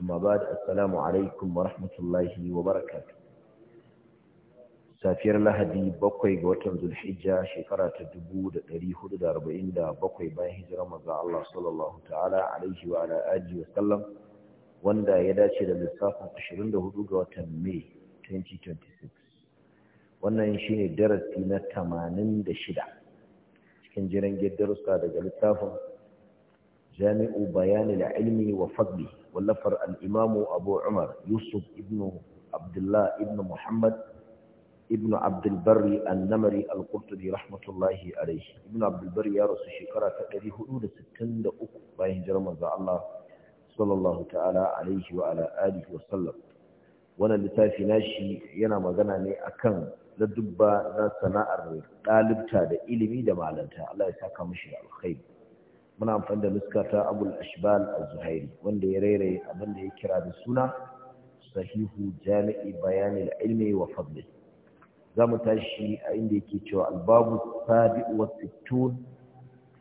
amma ba da assalamu alaikum wa rahmatullahi wa barakatu safiyar lahadi bakwai ga watan zulhijja shekara ta dubu da ɗari hudu da arba'in da bakwai bayan hijira maza Allah sallallahu ta'ala alaihi wa ala'aji wa sallam wanda ya dace da lissafin ashirin da hudu ga watan mai 2026 wannan shi ne darasi na tamanin da shida cikin jiran darussa daga littafin jami'u da ilmi wa fadli wallafar al'imamu abu umar yusuf ibn abdullah ibn muhammad ibn abdulbari annamari al-kurtubi rahmatullahi alaihi ibn abdulbari ya rasu shekara ta 463 bayan jirman za Allah sallallahu ta'ala alaihi wa ala alihi wasallam wannan littafi nashi yana magana ne akan ladubba na sana'ar ɗalibta da ilimi da malanta Allah ya saka mashi alkhairi muna amfani da nuska abul ashbal az-zuhairi wanda ya rairaye abin da ya kira da suna sahihu jami'i bayanil ilmi wa fadli za mu tashi a inda yake cewa albabu sabi wa sittun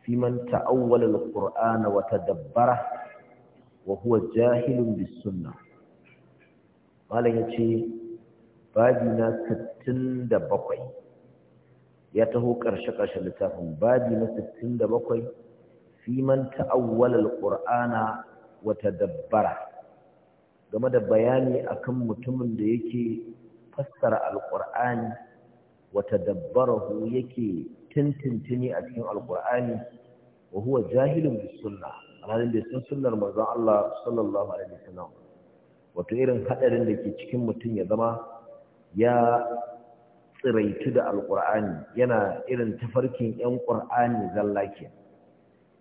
fi man ta'awwala al-qur'ana wa tadabbara wa huwa jahilun bis sunnah malam yace babi na 67 ya taho karshe karshen littafin babi na 67 fi man ta'awwala alqur'ana wa tadabbara game da bayani akan mutumin da yake fassara alqur'ani wa tadabbarahu yake tintintini a cikin alqur'ani wa huwa jahilun bis sunnah alhalin da sun sunnar manzon Allah sallallahu alaihi wasallam wato irin hadarin da ke cikin mutum ya zama ya tsiraitu da alqur'ani yana irin tafarkin yan qur'ani zallake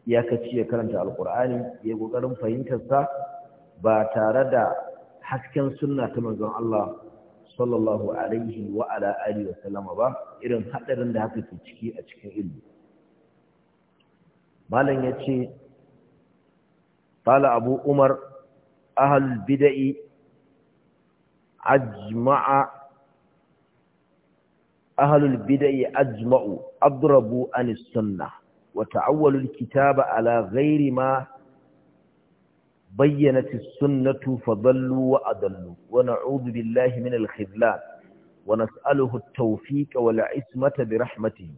iyakaci ya karanta alkur'ani ya ƙoƙarin fahimtarsa ba tare da hasken sunna ta manzon Allah sallallahu alaihi wa ala alihi wa sallama ba irin hadarin da haka ke ciki a cikin ilmi malam yace qala abu umar ahlul Bida'i, ajma'a ahlul bida'i ajma'u adrabu anis sunnah وتعولوا الكتاب على غير ما بينت السنة فضلوا وأضلوا ونعوذ بالله من الخذلان ونسأله التوفيق والعصمة برحمته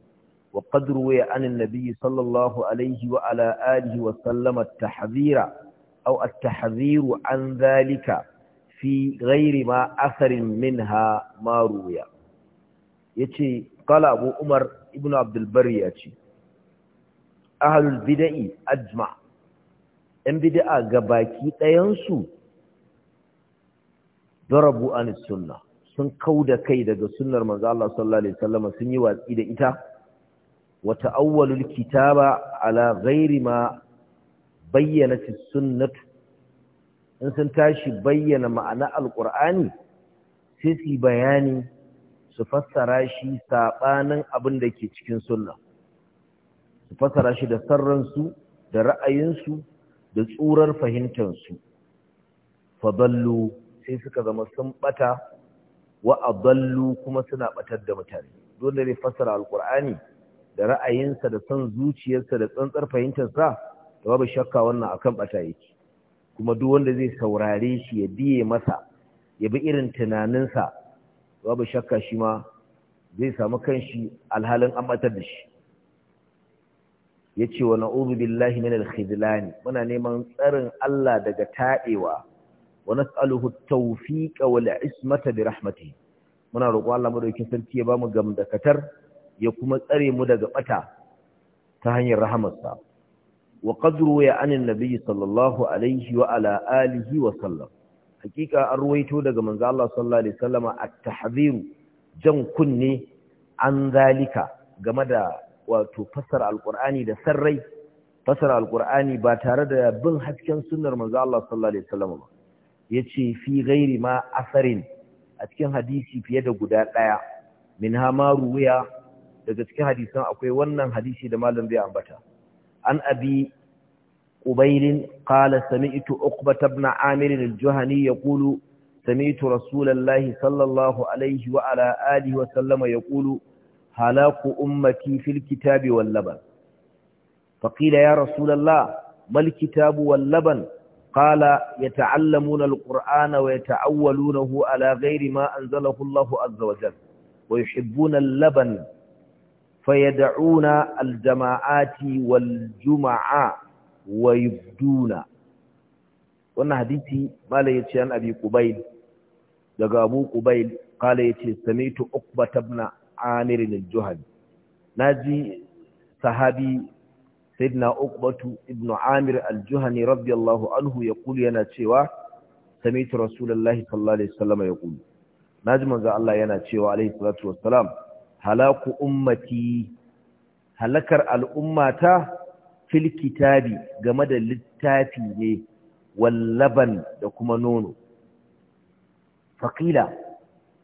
وقد روي عن النبي صلى الله عليه وعلى آله وسلم التحذير أو التحذير عن ذلك في غير ما أثر منها ما روي يتي قال أبو عمر ابن عبد البر يتي ahlul bid'i ajma ɗan bid'a ga baki ɗayansu darabu an sunna sun kauda kai daga sunnar manzo Allah sallallahu alaihi wasallam sun yi watsi da ita wa ta'awwalul kitaba ala ghairi ma bayyanat sunnat in sun tashi bayyana ma'ana alqur'ani sai su bayani su fassara shi sabanin abin da ke cikin sunna su fasara shi da sarransu da ra'ayinsu da tsurar fahimtansu faballu sai suka zama sun bata wa adallu kuma suna batar da mutane dole ne fasara alqur'ani da ra'ayinsa da son zuciyarsa da tsantsar fahimtarsa da babu shakka wannan akan bata yake kuma duk wanda zai saurare shi ya biye masa ya bi irin tunaninsa babu shakka shi ma zai samu kanshi alhalin amatar da shi Ya ce wa na'udhu billahi minal khizlani muna neman tsarin Allah daga taɗewa wa nas'aluhu at-tawfiqa wal ismata bi rahmatihi muna roƙo Allah madaukakin sarki ya bamu gamdakatar ya kuma tsare mu daga bata ta hanyar rahamarsa wa qadru ya anin nabi sallallahu alaihi wa ala alihi wa sallam hakika an ruwaito daga manzo Allah sallallahu alaihi wasallama at-tahdhir jan kunne an zalika game da wato fassara alkur'ani da sarrai fassara alkur'ani ba tare da bin hasken sunnar manzo Allah sallallahu alaihi wasallam ba yace fi ghairi ma asarin a cikin hadisi fiye da guda daya min hama ruwiya daga cikin hadisan akwai wannan hadisi da malam bai ambata an abi قبيل قال سمعت أقبة بن عامر الجهني يقول سمعت رسول الله صلى الله عليه وعلى آله وسلم يقول هلاك أمتي في الكتاب واللبن فقيل يا رسول الله ما الكتاب واللبن قال يتعلمون القرآن ويتعولونه على غير ما أنزله الله عز وجل ويحبون اللبن فيدعون الجماعات والجمعاء ويبدون وانا حديثي ما yace أبي قبيل qubayl daga قبيل قال kala yace samitu amir al-juhani naji sahabi sayyidina uqbatu ibn amir al-juhani radiyallahu anhu yana cewa sami'tu rasulullahi sallallahu alaihi wasallam naji manzo Allah yana cewa alaihi salatu wassalam halaku ummati halakar al'ummata fil kitabi game da littafi ne wallaban da kuma nono faqila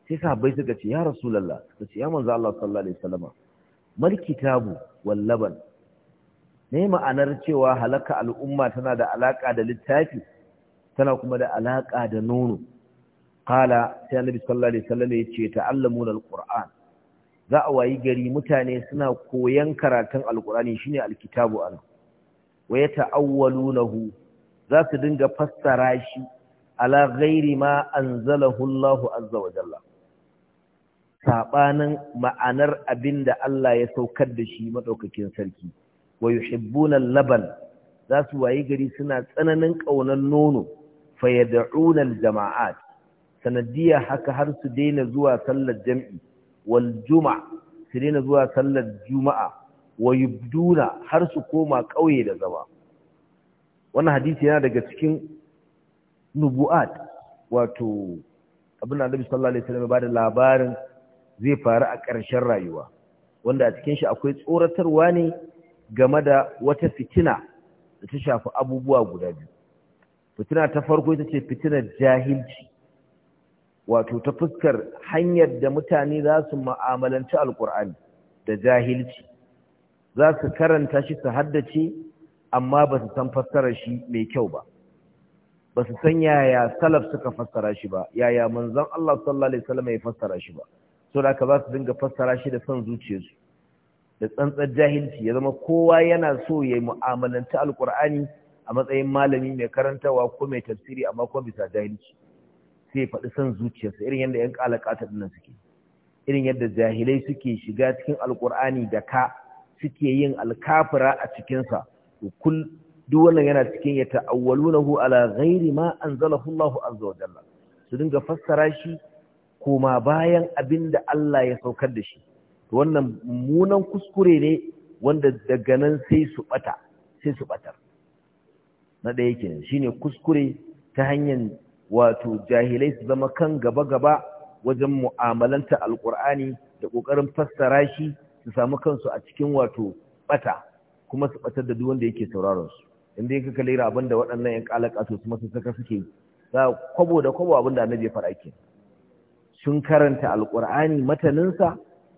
sai sahabbai suka ce ya rasulullah suka ce ya manzo Allah sallallahu alaihi wasallam mal kitabu wal laban ne ma'anar cewa halaka al'umma tana da alaka da littafi tana kuma da alaka da nono qala sai annabi sallallahu alaihi wasallam ya ce ta'allamuna al-qur'an za a wayi gari mutane suna koyan karatun alkur'ani shine alkitabu ana wa ta'awwalunahu za su dinga fassara shi ala ghairi ma anzalahu Allahu azza wa jalla saɓanin ma'anar abin da Allah ya saukar da shi maɗaukakin sarki wa yuhibbuna laban za su wayi gari suna tsananin ƙaunar nono fa jamaat sanadiyya haka har su daina zuwa sallar jam'i wal juma'a su daina zuwa sallar juma'a wa yubduna har su koma ƙauye da zama wannan hadisi yana daga cikin nubu'at wato abin da Annabi sallallahu alaihi wasallam ya bada labarin zai faru a ƙarshen rayuwa wanda a cikin shi akwai tsoratarwa ne game da wata fitina da ta shafi abubuwa guda biyu fitina ta farko ita ce fitinar jahilci wato ta fuskar hanyar da mutane za su ma'amalanci Alƙur'ani da jahilci za su karanta shi su haddace amma ba su san fassarar shi mai kyau ba ba su san yaya salaf suka fassara shi ba yaya manzon Allah sallallahu alaihi wasallam ya fassara shi ba saboda ka za su dinga fassara shi da son zuciyarsu da tsantsar jahilci ya zama kowa yana so ya mu'amalanci alkur'ani a matsayin malami mai karantawa ko mai tafsiri amma makon bisa jahilci sai ya faɗi son zuciyarsa irin yadda yan kalakata dinnan suke irin yadda jahilai suke shiga cikin alkur'ani da ka suke yin alkafira a cikinsa kul duk wannan yana cikin ya ta'awwalunahu ala ghairi ma anzalahu Allahu azza wa jalla su dinga fassara shi koma bayan abin da Allah ya saukar da shi wannan munan kuskure ne wanda daga nan sai su bata sai su ɓatar. na ɗaya kenan shine kuskure ta hanyar wato jahilai su zama kan gaba-gaba wajen mu'amalanta alƙur'ani da ƙoƙarin fassara shi su samu kansu a cikin wato bata kuma su ɓatar da duk wanda yake sauraron su inda yake kalera abin da waɗannan 'yan ƙalaƙa su masu saka suke za kwabo da kwabo abin da annabi ya faɗa kenan sun karanta alkur'ani mataninsa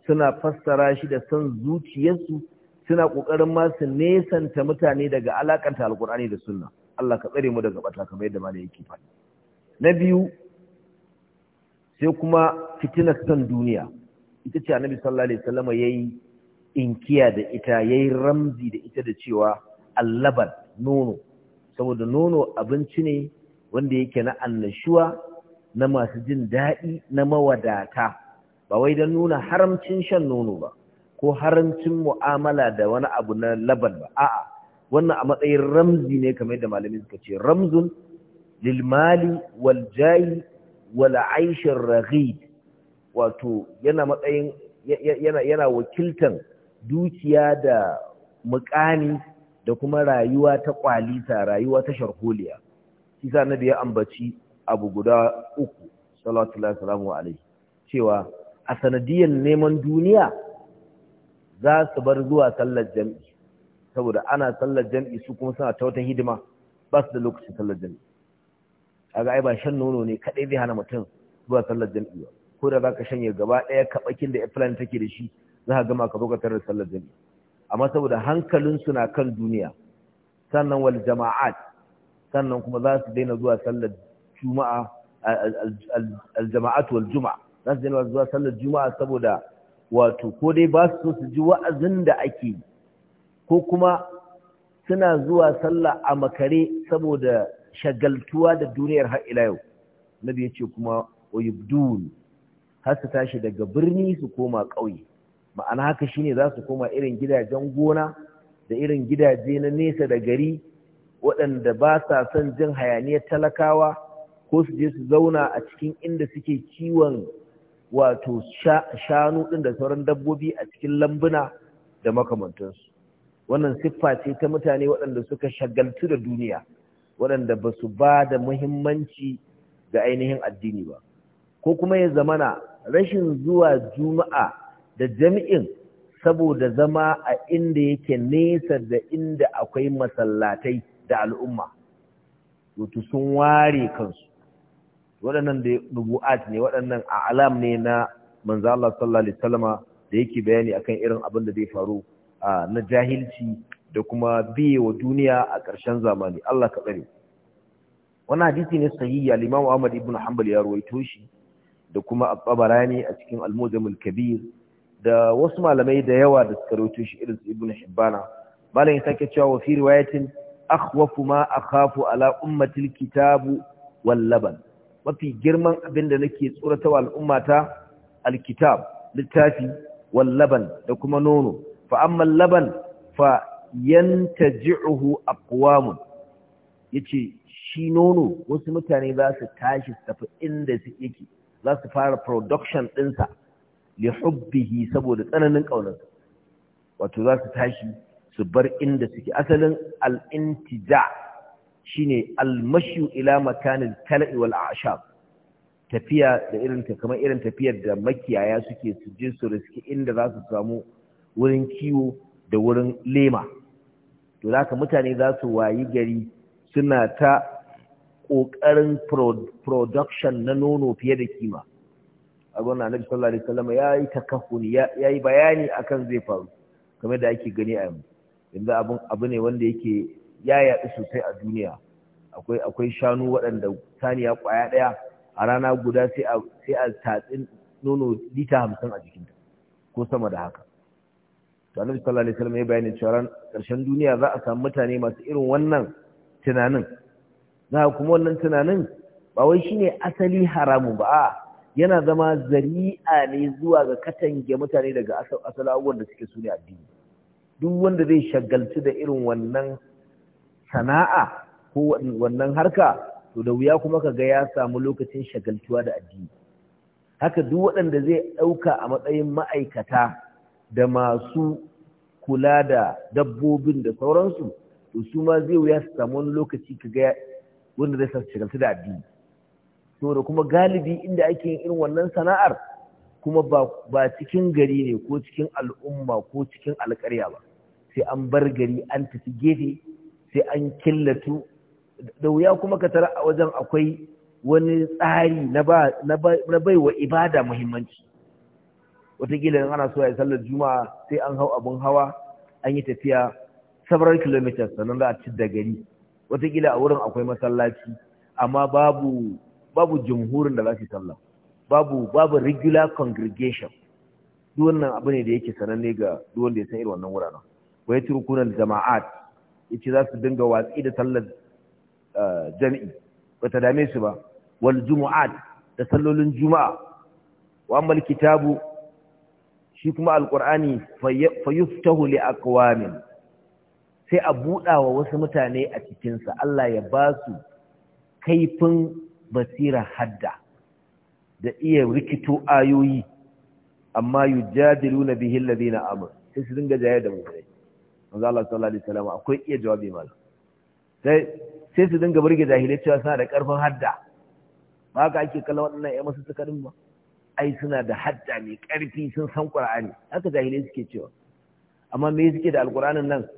suna fassara shi da son zuciyarsu suna ƙoƙarin ma su nesanta mutane daga alakanta alkur'ani da sunna Allah ka tsare mu daga bata kamar yadda malai yake faɗi na biyu sai kuma fitinar son duniya ita ce annabi sallallahu alaihi wasallam yayi inkiya da ita yayi ramzi da ita da cewa allaban nono saboda nono abinci ne wanda yake na annashuwa na masu jin daɗi na mawadata ba wai don nuna haramcin shan nono ba ko haramcin mu'amala da wani abu na laban ba a'a wannan a matsayin ramzi ne kamar da malamin suka ce ramzun lil mali wal jayi wal raghid wato yana matsayin yana yana wakiltan dukiya da mukani da kuma rayuwa ta kwalita rayuwa ta sharholiya kisa na da ya ambaci abu guda uku sallallahu alaihi wasallam cewa a sanadiyar neman duniya za su bar zuwa sallar jami'i saboda ana sallar jami'i su kuma suna ta wata hidima ba su da lokacin sallar jami'i kaga ai ba shan nono ne kadai zai hana mutum zuwa sallar jami'i ba ko da zaka shanye gaba daya kabakin da plan take da shi za ka gama ka zo ka tarar sallar jami'i amma saboda hankalin su na kan duniya sannan wal jama'at sannan kuma za su daina zuwa sallar juma'a aljama'atu wal juma'a za su daina zuwa sallar juma'a saboda wato ko dai ba su so su ji wa'azin da ake ko kuma suna zuwa sallah a makare saboda shagaltuwa da duniyar har ila yau nabi ce kuma oyubdun har su tashi daga birni su koma ƙauye ma'ana haka shine za su koma irin gidajen gona da irin gidaje na nesa da gari waɗanda ba sa son jin hayaniyar talakawa ko su je su zauna a cikin inda suke kiwon wato shanu ɗin da sauran dabbobi a cikin lambuna da makamantansu wannan siffa ce ta mutane waɗanda suka shagaltu da duniya waɗanda ba su ba da muhimmanci ga ainihin addini ba ko kuma ya zamana rashin zuwa juma'a da jami'in saboda zama a inda yake nesa da inda akwai masallatai da al'umma wato sun ware kansu waɗannan da rubu'at ne waɗannan a alam ne na manzo Allah sallallahu alaihi wasallama da yake bayani akan irin abin da zai faru na jahilci da kuma biye wa duniya a ƙarshen zamani Allah ka tsare wannan hadisi ne sahihi al-Imam Ahmad ibn Hanbal ya rawaito shi da kuma at a cikin Al-Mujam al-Kabir da wasu malamai da yawa da suka rawaito shi irin Ibn Hibbana malam ya sake cewa fi riwayatin akhwafu ma akhafu ala ummatil kitabu wal laban mafi girman abin da nake tsorata wa al'ummata alkitab littafi wal laban da kuma nono fa amma laban fa yantaji'uhu aqwamun yace shi nono wasu mutane za su tashi tafi inda su yake za su fara production ɗinsa li hubbihi saboda tsananin ƙaunarsa wato za su tashi su bar inda suke asalin al-intija' shine almashu ila makanin kala'i wal ashab tafiya da irin ta kamar irin tafiyar da makiyaya suke su je su riski inda za su samu wurin kiwo da wurin lema to haka mutane za su wayi gari suna ta ƙoƙarin production na nono fiye da kima a gwamna na sallallahu alaihi wasallam ya yi takahuni ya yi bayani akan zai faru kamar da ake gani a yanzu yanzu abu ne wanda yake ya yaɗu sosai a duniya akwai akwai shanu waɗanda saniya ƙwaya ɗaya a rana guda sai a tatsin nono lita hamsin a jikinta ko sama da haka to annabi sallallahu alaihi wasallam ya bayyana cewa ƙarshen duniya za a samu mutane masu irin wannan tunanin Za a kuma wannan tunanin ba wai shine asali haramun ba a yana zama zari'a ne zuwa ga katange mutane daga asali abubuwan da suke su ne addini duk wanda zai shagaltu da irin wannan sana'a ko wannan harka to da wuya kuma ka ga ya samu lokacin shagaltuwa da addini haka duk waɗanda zai ɗauka a matsayin ma'aikata da masu kula da dabbobin da sauransu to su ma zai wuya su samu wani lokaci ka ga wanda zai sa shagaltu da addini To da kuma galibi inda ake yin irin wannan sana'ar kuma ba cikin gari ne ko cikin al'umma ko cikin alƙarya ba sai an bar gari an tafi gefe sai an killatu da wuya kuma ka tara a wajen akwai wani tsari na bai wa ibada muhimmanci wataƙila ana so a sallar juma'a sai an hau abin hawa an yi tafiya several kilometers sannan za a ci da gari wataƙila a wurin akwai masallaci amma babu babu jumhurin da za su sallah babu regular congregation duk abu ne da yake sananne ga duk wanda ya san irin wannan wuraren wai turkunan jama'at yace za su dinga watsi da sallar jami'i bata dame su ba wal jumu'at da sallolin juma'a wa kitabu shi kuma alqur'ani fayuftahu li aqwamin sai a buɗa wa wasu mutane a cikinsa Allah ya ba su kaifin basira hadda da iya rikito ayoyi amma yujadilu na bihin ladina amur sai su dinga jaya da mutane manzo Allah sallallahu akwai iya jawabi mala sai sai su dinga burge jahilai cewa suna da karfin hadda ba haka ake kallon waɗannan ƴan masu sukarin ba ai suna da hadda mai ƙarfi sun san Qur'ani haka jahilai suke cewa amma me suke da alƙur'anin nan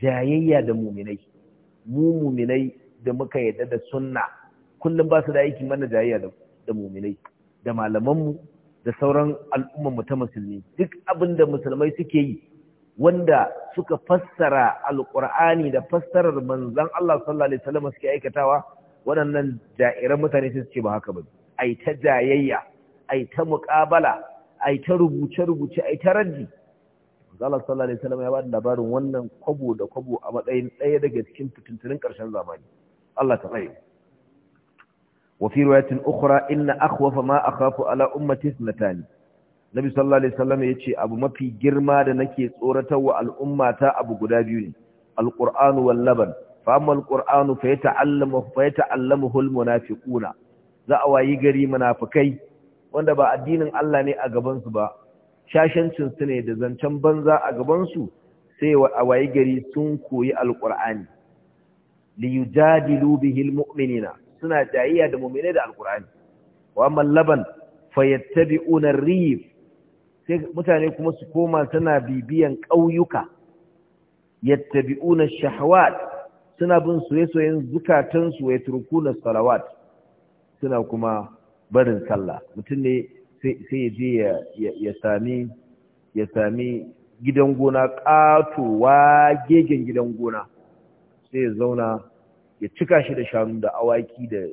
jayayya da muminai mu muminai da muka yadda da sunna kullum ba su da aiki mana jayayya da muminai da malamanmu da sauran al'ummanmu ta musulmi duk abin da musulmai suke yi wanda suka fassara alƙur'ani da fassarar manzan Allah sallallahu alaihi wasallam suke aikatawa waɗannan ja'iran mutane sai su ce ba haka ba ai ta jayayya ai ta muƙabala ai ta rubuce rubuce ai ta raddi Allah sallallahu alaihi wasallam ya ba da labarin wannan kwabo da kwabo a matsayin ɗaya daga cikin fitintunin ƙarshen zamani Allah ta tsaye wa fi riwayatin ukhra inna akhwafa ma akhafu ala ummati ithnatani nabi sallallahu alaihi wasallam ya ce abu mafi girma da nake tsoratarwa al'umma ta abu guda biyu ne alqur'anu wal laban fa amma alqur'anu fa yata'allamu fa yata'allamuhu almunafiquna za a wayi gari munafikai wanda ba addinin Allah ne a gaban su ba shashancin su ne da zancen banza a gaban su sai a wayi gari sun koyi alqur'ani li yujadilu bihi almu'minina suna jayiya da mu'mine da alqur'ani wa amma laban ar rif sai mutane kuma su koma suna bibiyan ƙauyuka yattabi'una shahawat suna bin soye-soyen zukatansu ya na salawat suna kuma barin sallah mutum ne sai ya je ya sami ya sami gidan gona ƙatowa gegen gidan gona sai ya zauna ya cika shi da shanu da awaki da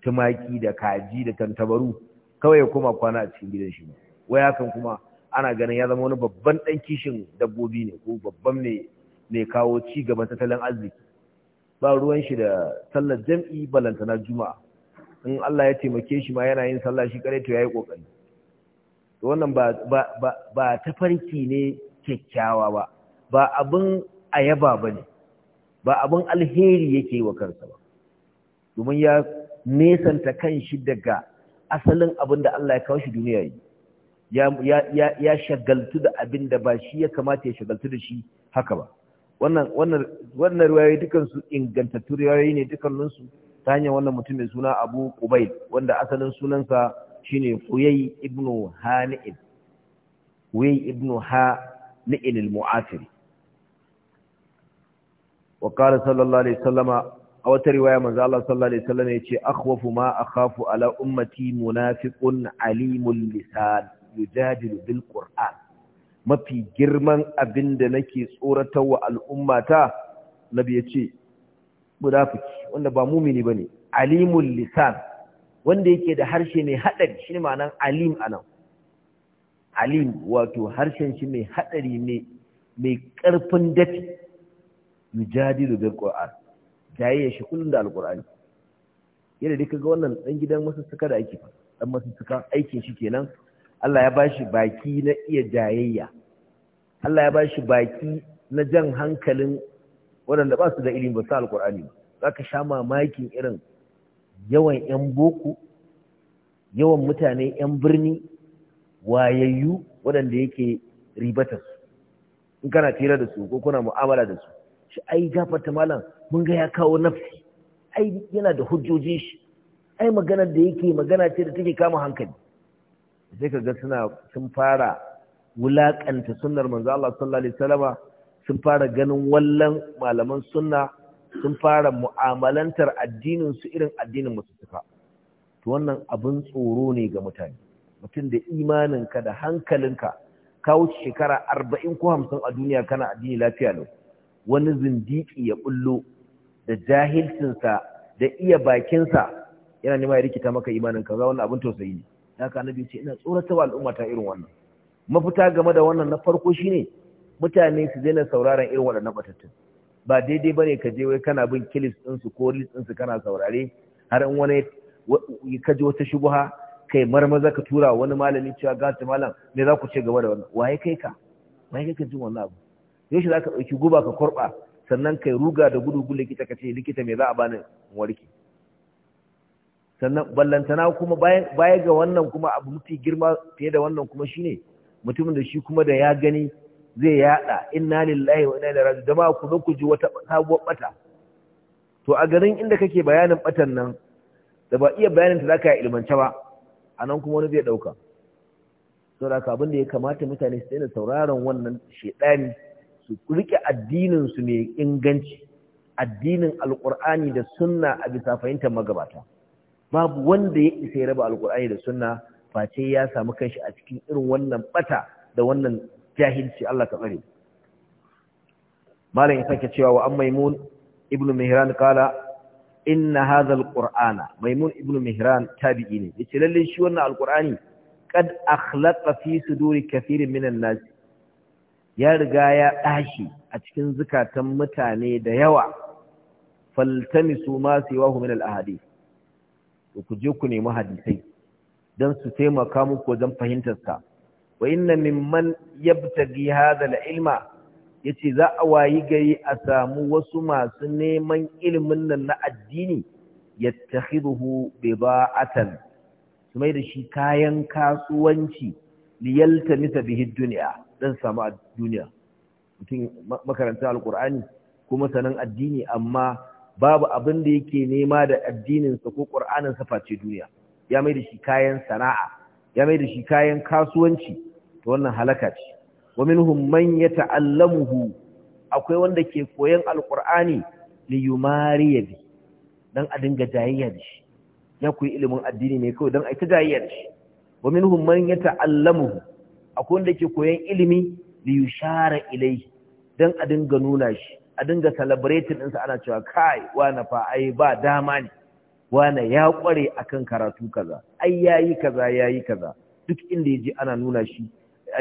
tumaki da kaji da tantabaru kawai ya koma kwana a cikin gidan shi ne Wayakan kan kuma ana ganin ya zama wani babban ɗan kishin dabbobi ne ko babban ne mai kawo ci gaban tattalin arziki ba ruwan shi da sallar jam'i balantana juma'a in Allah ya taimake shi ma yana yin sallah shi kare to yayi kokari to wannan ba ba ba, ba tafarki ne kyakkyawa ba ba abin ayaba bane ba abin alheri yake wa kansa ba domin ya nesanta kan shi daga asalin abin da Allah ya kawo shi duniya yi ya shagaltu da abin da ba shi ya kamata ya shagaltu da shi haka ba wannan riwayoyi dukansu ingantattu riwayoyi ne dukanninsu ta hanyar wannan mutum mai suna abu kubail wanda asalin sunansa shine huyai ibnu hani'in huyai ibnu hani'in al-mu'afiri wa qala sallallahu alaihi wasallama a wata riwaya manzo Allah sallallahu alaihi ya yace akhwafu ma akhafu ala ummati munafiqun alimul lisan yujadilu bil qur'an mafi girman abin da nake tsoratar wa al'ummata nabi yace mudafiki wanda ba mumini bane alimul lisan wanda yake da harshe mai hadari shine ma'anan alim anan alim wato harshen shi mai hadari ne mai karfin dafi yujadilu bil qur'an ya shi kullun da alqur'ani yadda dai kaga wannan dan gidan masussuka da ake fa dan masussuka aikin shi kenan Allah ya ba shi baki na iya jayayya Allah ya bashi baki na jan hankalin waɗanda ba su da ilimi ba su alkur'ani ba za ka sha mamakin irin yawan 'yan boko yawan mutane 'yan birni wayayyu waɗanda yake ribatar su in kana tira da su ko kuna mu'amala da su shi ai gafarta malam mun ga ya kawo nafsi ai yana da hujjoji shi ai maganar da yake magana ce da take kama hankali sai ka ga suna sun fara wulakanta sunnar manzo Allah sallallahu alaihi wasallama sun fara ganin wallan malaman sunna sun fara mu'amalantar addinin su irin addinin musulunci to wannan abin tsoro ne ga mutane mutum da imaninka da hankalinka ka wuce shekara 40 ko 50 a duniya kana addini lafiya lau wani zindiki ya bullo da jahilcinsa da iya bakinsa yana nema ya rikita maka ka za wannan abin tausayi ne haka annabi ce ina tsoratarwa al'umma ta irin wannan mafita game da wannan na farko shine mutane su daina sauraron irin waɗannan batattun ba daidai bane ka je wai kana bin kilis su ko din su kana saurare har in wani ka ji wata shubuha kai marmaza ka tura wani malami cewa gata malam me za ku ce game da wannan waye kai ka waye kai ka jin wannan abu yaushe za ka ɗauki guba ka korɓa sannan kai ruga da gudu gudu likita ka ce likita me za a bani warke sannan ballantana kuma baya ga wannan kuma abu mafi girma fiye da wannan kuma shine mutumin da shi kuma da ya gani zai yada inna lillahi wa inna ilaihi raji'un dama ku zo ku ji wata sabuwar bata to a garin inda kake bayanin batan nan da ba iya bayanin ta zaka ilmance ba anan kuma wani zai dauka to da abin da ya kamata mutane su daina sauraron wannan shedani su rike addinin su mai inganci addinin alqur'ani da sunna a bisa fahimtar magabata babu wanda ya isa ya raba alkur'ani da sunna face ya samu kanshi a cikin irin wannan bata da wannan jahilci Allah ka tsare malam ya sake cewa wa maimun ibnu mihran kala inna hadha alqur'ana maimun ibnu mihran tabi'i ne yace lalle shi wannan alqur'ani kad akhlaqa fi suduri kathirin minan nas ya riga ya dashi a cikin zukatan mutane da yawa faltamisu ma siwahu min al ahadith ku je ku nemi hadisai don su taimaka muku wajen fahimtarsa wa inna mimman yabtagi hadha al-ilma yace za a wayi gari a samu wasu masu neman ilimin nan na addini yattakhiduhu bida'atan su mai da shi kayan kasuwanci liyaltamisa bihi dunya dan samu a duniya mutum makaranta alqur'ani kuma sanan addini amma babu abin da yake nema da addininsa ko ƙur'aninsa face duniya ya mai da shi kayan sana'a ya mai da shi kayan kasuwanci to wannan halaka ce wa minhum man yata'allamuhu akwai wanda ke koyan alqur'ani li ya bi dan a dinga jayayya da shi ya koyi ilimin addini ne kawai dan a ta jayayya da shi wa minhum man yata'allamuhu akwai wanda ke koyan ilimi li yushara ilayhi dan a dinga nuna shi a dinga celebrating ɗinsa ana cewa kai wane fa ai ba dama ne wane ya ƙware akan karatu kaza ai yayi kaza yayi kaza duk inda ya je ana nuna shi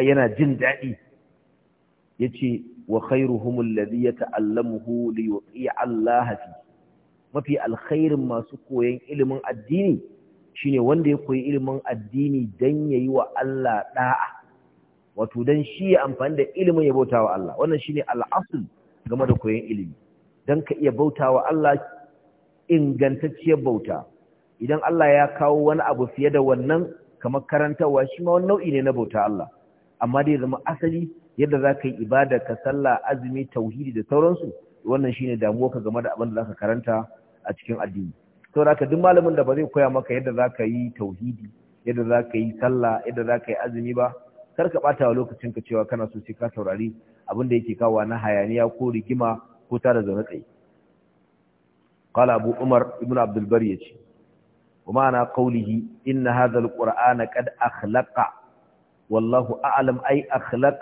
yana jin daɗi Ya yace wa khairuhum alladhi yata'allamuhu li yuqi'a Allah fi mafi alkhairin masu koyan ilimin addini shine wanda ya koyi ilimin addini dan yayi wa Allah da'a wato dan shi ya amfani da ilimin ya wa Allah wannan shine al-asl game da koyon ilimi don ka iya bauta wa Allah ingantacciyar bauta idan Allah ya kawo wani abu fiye da wannan kamar karantarwa shi ma wani nau'i ne na bauta Allah amma dai zama asali yadda za ka yi ibada ka sallah azumi tauhidi da sauransu wannan shi ne damuwa ka game da abin da za ka karanta a cikin addini da haka duk malamin da ba zai koya maka yadda za ka yi tauhidi yadda za ka yi sallah yadda za ka yi azumi ba kar ka ɓata wa lokacin ka cewa kana so sai ka saurari abin da yake kawo na hayaniya ko rigima ko tara zaune tsaye قال أبو عمر ابن عبد البر يجي ومعنى قوله إن هذا القرآن قد أخلق والله أعلم أي أخلق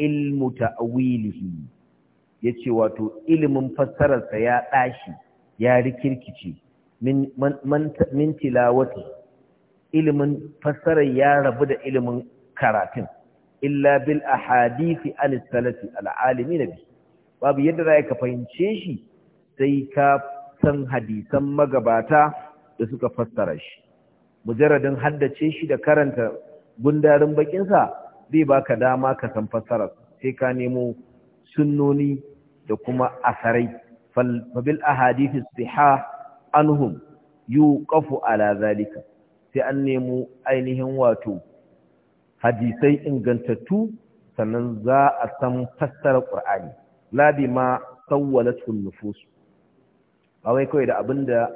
علم تأويله يجي واتو علم فسر سيا تاشي يا ركركتي من من من من تلاوته علم فسر يا رب ده علم كراتين illa bil ahadisi an salati al'alimi na bi babu yadda za ka fahimce shi sai ka san hadisan magabata da suka fassara shi mujarradin haddace shi da karanta gundarin bakinsa zai baka dama ka san fassarar sai ka nemo sunnoni da kuma asarai fabil ahadithis sihah anhum yuqafu ala zalika sai an nemo ainihin wato hadisai ingantattu sannan za a san fassara ƙur'ani labi ma sawwalatun nufus ba wai kawai da abin abinda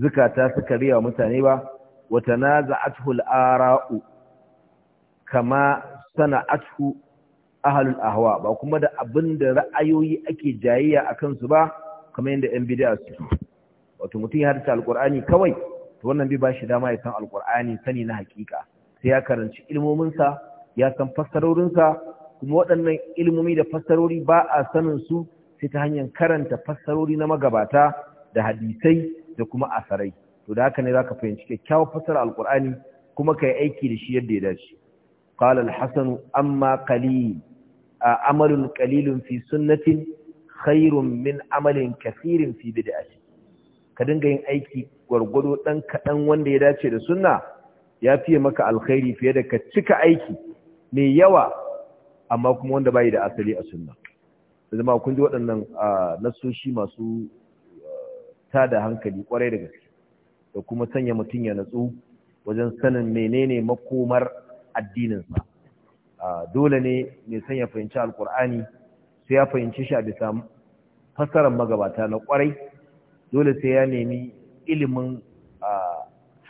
zukata suka riya mutane ba wata na za'atul ara'u kama sana'atu ahlul ahwa ba kuma da abinda ra'ayoyi ake jayayya akan su ba kamar yadda yan bid'a su wato mutum ya al alqur'ani kawai to wannan bai ba shi dama ya san alqur'ani sani na hakika sai ya karanci sa, ya san fassarorinsa kuma waɗannan ilmomi da fassarori ba a sanin su sai ta hanyar karanta fassarori na magabata da hadisai da kuma asarai to da haka ne zaka fahimci kyakkyawar fassara alqur'ani kuma kai aiki da shi yadda ya dace qala al-hasan amma qalil amalun qalilun fi sunnatin khairun min amalin kathirin fi bid'ati ka dinga yin aiki gwargwado dan kadan wanda ya dace da sunna ya fiye maka alkhairi fiye da ka cika aiki mai yawa amma kuma wanda bai da asali a sunna zama kun ji waɗannan nasoshi masu tada hankali kwarai da gaske da kuma sanya mutum ya natsu wajen sanin menene makomar addininsa dole ne mai sanya fahimci alkur'ani sai ya fahimci shi a bisa fasarar magabata na kwarai dole sai ya nemi ilimin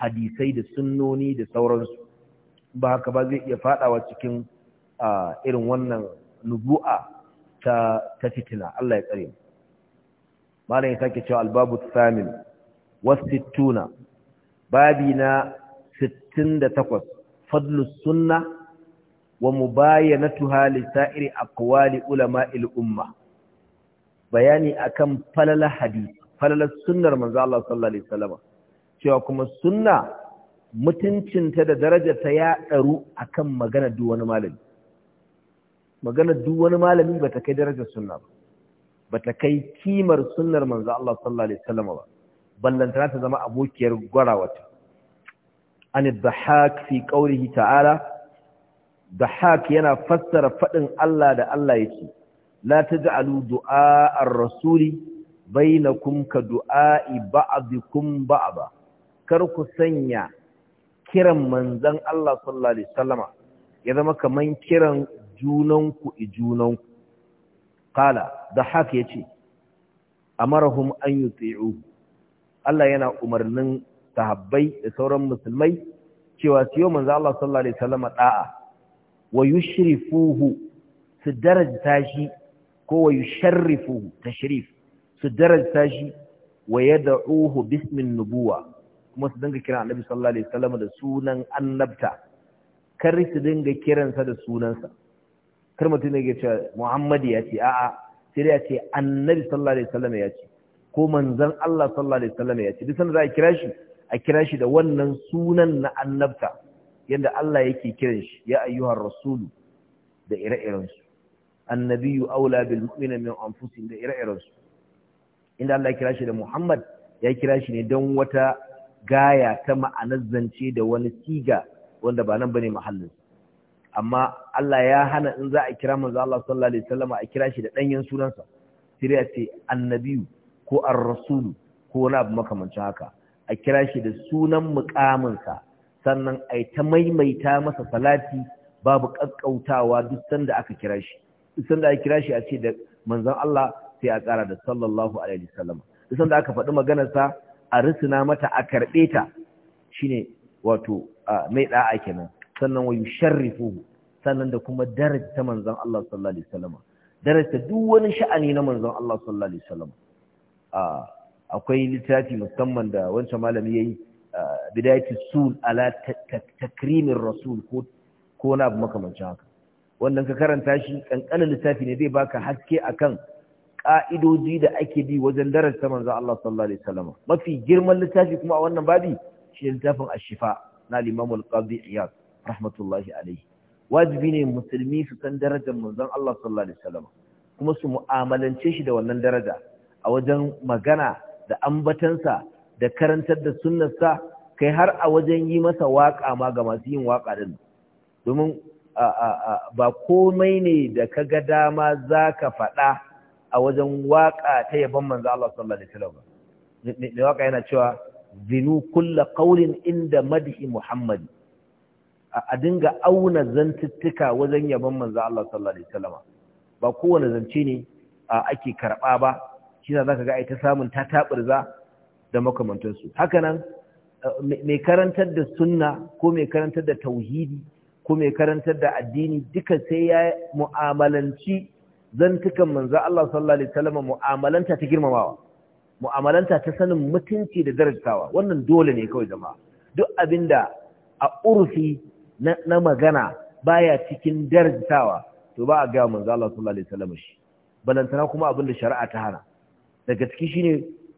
hadisai da sunnoni da sauransu ba haka ba zai iya fadawa cikin irin wannan nubu'a ta ta fitina Allah ya tsare mu malam ya sake cewa albabu thamin wasittuna babi na 68 fadlu sunna wa mubayanatuha li sa'iri aqwali ulama'il umma bayani akan falala hadisi falalar sunnar manzo Allah sallallahu alaihi wasallam cewa kuma sunna mutuncinta da darajarta ya ɗaru akan magana duk wani malami magana duk wani malami ta kai darajar sunna ba bata kai kimar sunnar manzo Allah sallallahu alaihi ba ballantana ta zama abokiyar gwarawata an ad-dhahak fi qawlihi ta'ala dhahak yana fassara faɗin Allah da Allah yake la taj'alu du'a du'aar rasuli bainakum ka du'a'i ba ba. kar ku sanya kiran manzan Allah sallallahu alaihi wasallama ya zama kaman kiran junanku i junanku qala dhahak yace amarahum an yuti'u Allah yana umarnin sahabbai da sauran musulmai cewa su yau manzo Allah sallallahu alaihi wasallama da'a wa yushrifuhu su darajta shi ko wa yusharrifuhu tashrif su darajta shi wa yad'uhu bismin nubuwa kuma su dinga kiran annabi sallallahu alaihi wasallam da sunan annabta kar su dinga kiransa da sunansa kar mutum ne ya ce Muhammad ya ce a'a sai dai ya ce annabi sallallahu alaihi wasallam ya ce ko manzon Allah sallallahu alaihi wasallam ya ce duk sanda za a kira shi a kira shi da wannan sunan na annabta yadda Allah yake kiran shi ya ayyuhar rasulu da ire-irensu annabiyu aula bil mu'mina min anfusihim da ire-irensu inda Allah ya kira shi da Muhammad ya kira shi ne don wata gaya ta ma'anar zance da wani siga wanda ba nan bane muhallin. amma Allah ya hana in za a kira manzo Allah sallallahu alaihi wasallam a kira shi da danyen sunansa sai ya ce annabiyu ko ar-rasul ko wani abu makamancin haka a kira shi da sunan muqamin sa sannan ai ta maimaita masa salati babu kakkautawa duk sanda aka kira shi duk sanda aka kira shi a ce da manzon Allah sai a kara da sallallahu alaihi wasallam duk sanda aka faɗi maganar sa a risina mata a karɓe ta shine wato mai ɗa'a kenan sannan wayu yusharrifuhu sannan da kuma daraja manzon Allah sallallahu alaihi wasallam daraja duk wani sha'ani na manzon Allah sallallahu alaihi wasallam akwai littafi musamman da wancan malami yayi bidayatu sul ala takrimir rasul ko ko na makamancin haka wannan ka karanta shi kankanin littafi ne zai baka haske akan ka'idoji da ake bi wajen darasta manzo Allah sallallahu alaihi wasallam mafi girman littafi kuma a wannan babi shi littafin ash na al qadi Iyad rahmatullahi alaihi wajibi ne musulmi su san darajar manzon Allah sallallahu alaihi wasallam kuma su mu'amalance shi da wannan daraja a wajen magana da ambatansa da karantar da sunnarsa kai har a wajen yi masa waka ma ga masu yin waka din domin ba komai ne da ka ga dama za ka faɗa a wajen waƙa ta yaban manzo Allah sallallahu alaihi wasallam ne waƙa yana cewa zinu kulla qaulin inda madhi muhammad a dinga auna zantuttuka wajen yaban manzo Allah sallallahu alaihi wasallam ba kowane zance ne ake karba ba shi zaka ga ai ta samun ta taburza da makamantansu haka nan mai karantar da sunna ko mai karantar da tauhidi ko mai karantar da addini duka sai ya mu'amalanci zantukan manzo Allah sallallahu alaihi wasallam mu'amalanta ta girmamawa mu'amalanta ta sanin mutunci da darajtawa wannan dole ne kawai jama'a duk abinda a urfi na magana baya cikin darajtawa to ba a ga manzo Allah sallallahu alaihi wasallam shi balantana kuma abinda shari'a ta hana daga ciki shine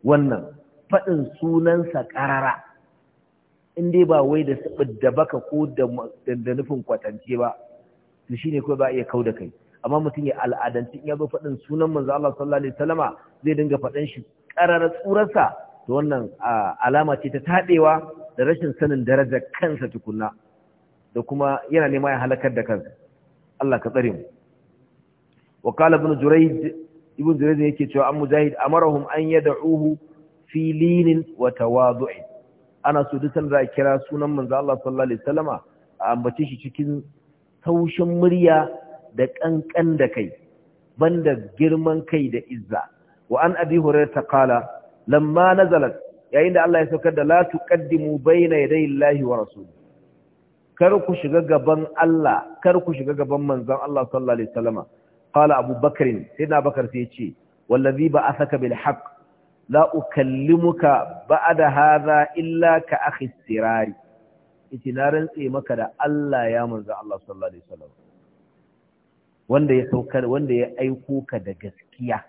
wannan fadin sunansa karara in dai ba wai da sabidda baka ko da nufin kwatance ba to shine kai ba iya kauda kai amma mutum ya al'adanci in ya zo faɗin sunan manzo Allah sallallahu alaihi wasallama zai dinga faɗan shi ƙarar tsurarsa to wannan alama ce ta taɗewa da rashin sanin darajar kansa tukunna da kuma yana nema ya halakar da kansa Allah ka tsare mu wa qala ibn jurayd ibn jurayd yake cewa an mujahid amarahum an yad'uhu fi linin wa tawadu'in ana so duk sanda kira sunan manzo Allah sallallahu alaihi wasallama a ambace shi cikin taushin murya da ƙanƙan da kai banda girman kai da izza wa an abi hurairah kala lamma nazalat yayin da Allah ya saukar da la tuqaddimu baina yaday Allahi wa rasuli kar ku shiga gaban Allah kar ku shiga gaban manzon Allah sallallahu alaihi wasallama qala Abu Bakr sayyidina Bakar sai ya ce wallazi ba'athaka bil haqq la ukallimuka illa ka akhi sirari itilaran tsaye maka da Allah ya manzan Allah sallallahu alaihi wasallama wanda ya saukar wanda ya aiko ka da gaskiya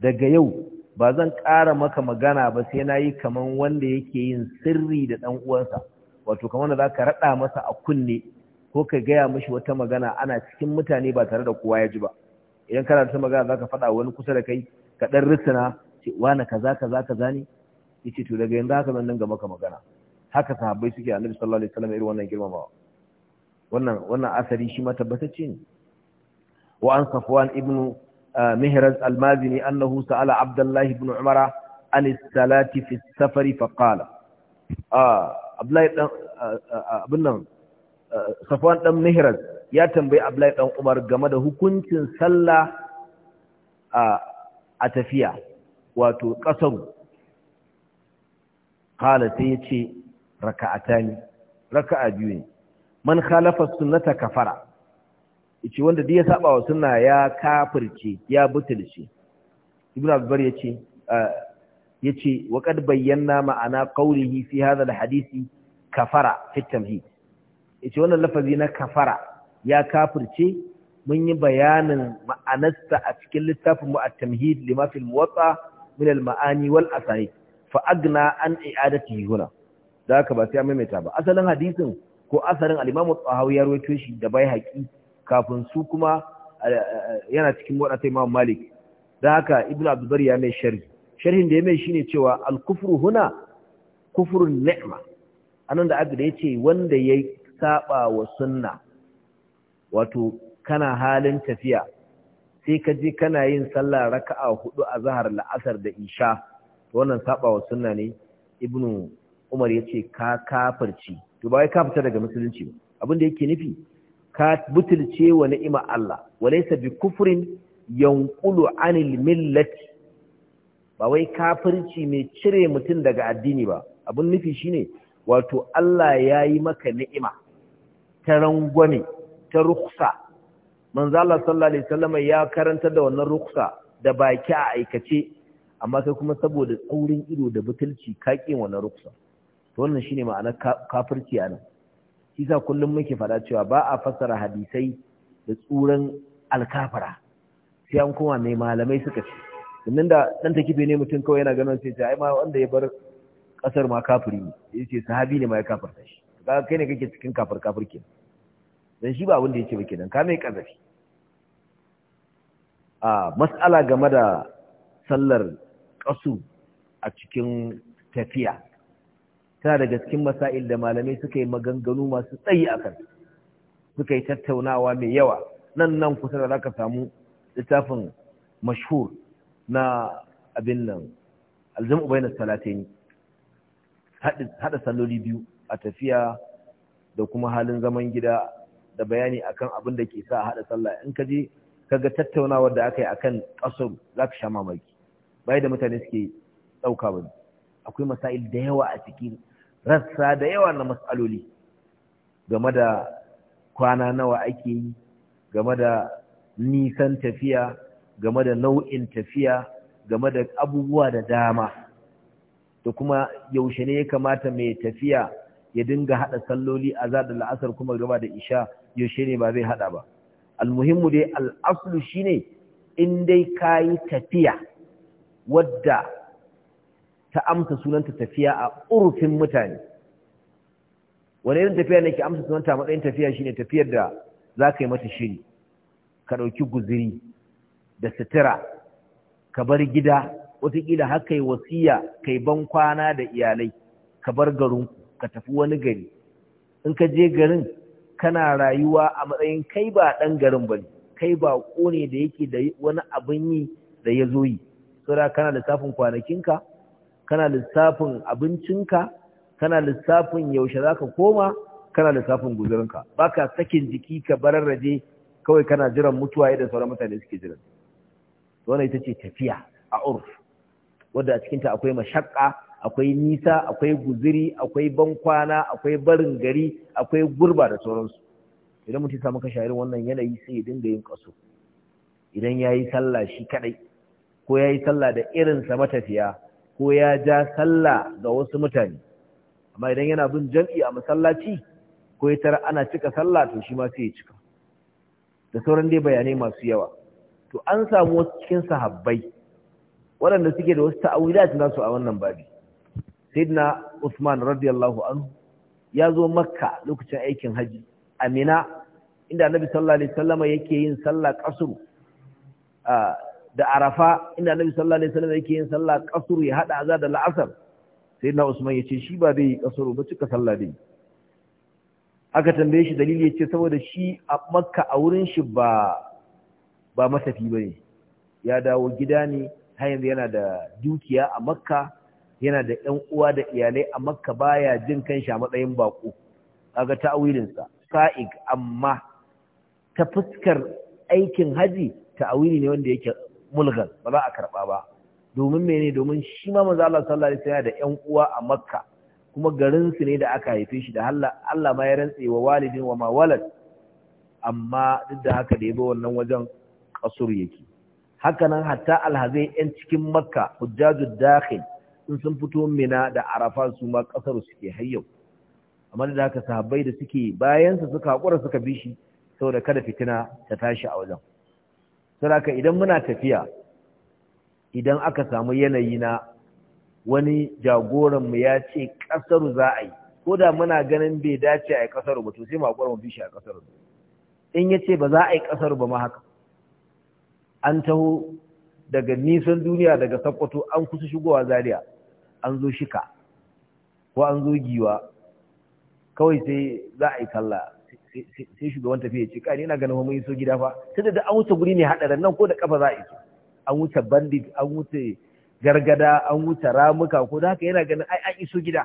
daga yau ba zan ƙara maka magana ba sai na yi kaman wanda yake yin sirri da ɗan uwansa wato kaman da za ka raɗa masa a kunne ko ka gaya mishi wata magana ana cikin mutane ba tare da kowa ya ji ba idan kana ta magana za ka faɗa wani kusa da kai ka ɗan risina ce wani kaza kaza kaza ne yace to daga yanzu haka zan dinga maka magana haka sahabbai suke annabi sallallahu alaihi wasallam irin wannan girmamawa wannan wannan asari shi ma tabbatacce ne وعن صفوان ابن مهرز المازني أنه سأل عبد الله بن عمر عن الصلاة في السفر فقال عبد الله بن صفوان بن مهرز ya tambayi Abdullahi Ɗan Umar game da hukuncin sallah Atafiya tafiya wato kasaru kala sai yace raka'atani raka'a biyu ne man khalafa kafara yace wanda duk ya saba wa sunna ya kafirce ya butulce ibn abbar yace yace wa qad bayyana ma'ana qawlihi fi hadha alhadisi kafara fi tamhid yace wannan lafazi na kafara ya kafirce mun yi bayanin ma'anarsa a cikin littafin mu at-tamhid lima fil muwatta min al-ma'ani wal asanid fa agna an i'adatihi huna da haka ba sai an maimaita ba asalin hadisin ko asalin al-imam at-tahawi ya rawaito shi da bai haƙi kafin su kuma yana cikin waɗata imam malik da haka ibn abdubar ya mai sharhi sharhin da ya mai shine cewa al huna kufurin ne'ma anan da abu da ce wanda ya saba wa sunna wato kana halin tafiya sai ka je kana yin sallah raka'a hudu a zahar la'asar da isha wannan saba wa sunna ne ibnu umar yace ka kafirci to ba ya kafirta daga musulunci abin da yake nufi ka butulce wa ni'ima Allah walaysa bi kufrin yanqulu anil millati ba wai kafirci mai cire mutum daga addini ba abun nufi shine wato Allah ya yi maka ni'ima ta rangwame ta ruksa manzo Allah sallallahu alaihi wasallam ya karanta da wannan ruksa da baki a aikace amma sai kuma saboda tsaurin ido da butulci ka kin wannan ruksa to wannan shine ma'anar kafirci anan Sisa kullum muke faɗa cewa ba a fassara hadisai da tsuran alkafara sai an kuma mai malamai suka ce sannan da dan ta kife ne mutum kawai yana ganin sai ai ma wanda ya bar kasar ma kafiri ne ce sahabi ne ma ya kafarta shi kai ne kake cikin kafar kafir ke dan shi ba wanda ya ce ba kenan ka mai kazafi a mas'ala game da sallar ƙasu a cikin tafiya tana daga cikin masail da malamai suka yi maganganu masu tsayi a kan suka yi tattaunawa mai yawa nan nan kusa da zaka samu littafin mashhur na abin nan aljamu bayna salatin hada salloli biyu a tafiya da kuma halin zaman gida da bayani akan abin da ke sa haɗa hada sallah in ka je kaga tattaunawar da aka yi akan kasar zaka sha mamaki bai da mutane suke dauka ba. akwai masail da yawa a cikin rassa da yawa na matsaloli game da kwana nawa ake yi game da nisan tafiya game da nau'in tafiya game da abubuwa da dama da kuma yaushe ne ya kamata mai tafiya ya dinga haɗa salloli a da la'asar kuma gaba da isha yaushe ne ba zai haɗa ba almuhimmu dai al'aslu shine in dai ka yi tafiya wadda ta amsa sunanta tafiya a urufin mutane wani irin tafiya ne ke amsa sunanta matsayin tafiya shi ne tafiyar da za ka yi mata shiri ka ɗauki guziri da sutura ka bar gida wataƙila haka yi wasiya kai ban kwana da iyalai ka bar garinku ka tafi wani gari in ka je garin kana rayuwa a matsayin kai ba ɗan garin ba kai ba ne da yake da wani abin yi da ya zo yi saboda kana da lissafin kwanakinka kana lissafin abincinka kana lissafin yaushe za ka koma kana lissafin guzurinka ka sakin jiki ka bararraje kawai kana jiran mutuwa yadda sauran mutane suke jiran wannan ita ce tafiya a urf wadda a cikinta akwai mashakka akwai nisa akwai guziri akwai bankwana akwai barin gari akwai gurba da sauransu idan mutum samu kashe irin wannan yanayi sai ya dinga yin kaso idan ya yi sallah shi kadai ko ya yi sallah da irinsa matafiya ko ya ja sallah ga wasu mutane amma idan yana bin jam'i a masallaci ko ya tara ana cika sallah to shi ma sai ya cika da sauran dai bayanai masu yawa to an samu wasu cikin sahabbai waɗanda suke da wasu ta'awilat nasu a wannan babi sayyidina Usman radiyallahu anhu ya zo Makka lokacin aikin haji Amina inda Annabi sallallahu alaihi wasallam yake yin sallah kasru ah, da arafa ina nabi sallallahu alaihi wasallam yake yin sallah qasr ya hada azar da la'asar sai na usman yace shi ba zai yi kasuru ba cika sallah dai aka tambaye shi dalili yace saboda shi a makka a wurin shi ba ba masafi bane ya dawo gida ne har yanzu yana da dukiya a makka yana da ƴan uwa da iyalai a makka baya jin kanshi a matsayin bako kaga sa sa'ig amma ta fuskar aikin haji ta'awili ne wanda yake mulgal ba za a karɓa ba domin mene domin shi ma manzo Allah sallallahu alaihi wasallam da ƴan uwa a Makka kuma garin su ne da aka haife shi da Allah Allah ma ya rantse wa walidin wa ma walad amma duk da haka da yabo wannan wajen kasur yake haka nan hatta alhazai ƴan cikin Makka hujjajud dakhil in sun fito mina da Arafa su ma kasar suke hayyau amma da haka sahabbai da suke bayan su suka hakura suka bishi, shi saboda kada fitina ta tashi a wajen saraka idan muna tafiya idan aka samu yanayi na wani jagoranmu ya ce ƙasar za a yi ko da muna ganin bai dace a yi ƙasar ba to sai mu haƙura mu bishi a ƙasar in ya ce ba za a yi ƙasaru ba ma haka an taho daga nisan duniya daga sakkwato an kusa shigowa zaria an zo shika ko an zo giwa kawai sai za a yi kalla. sai shugaban tafiya ce kani yana ganin mun iso gida fa tunda da an wuce guri ne hadarin nan ko da ƙafa za a iso an wuce bandit an wuce gargada an wuce ramuka ko da haka yana ganin ai an iso gida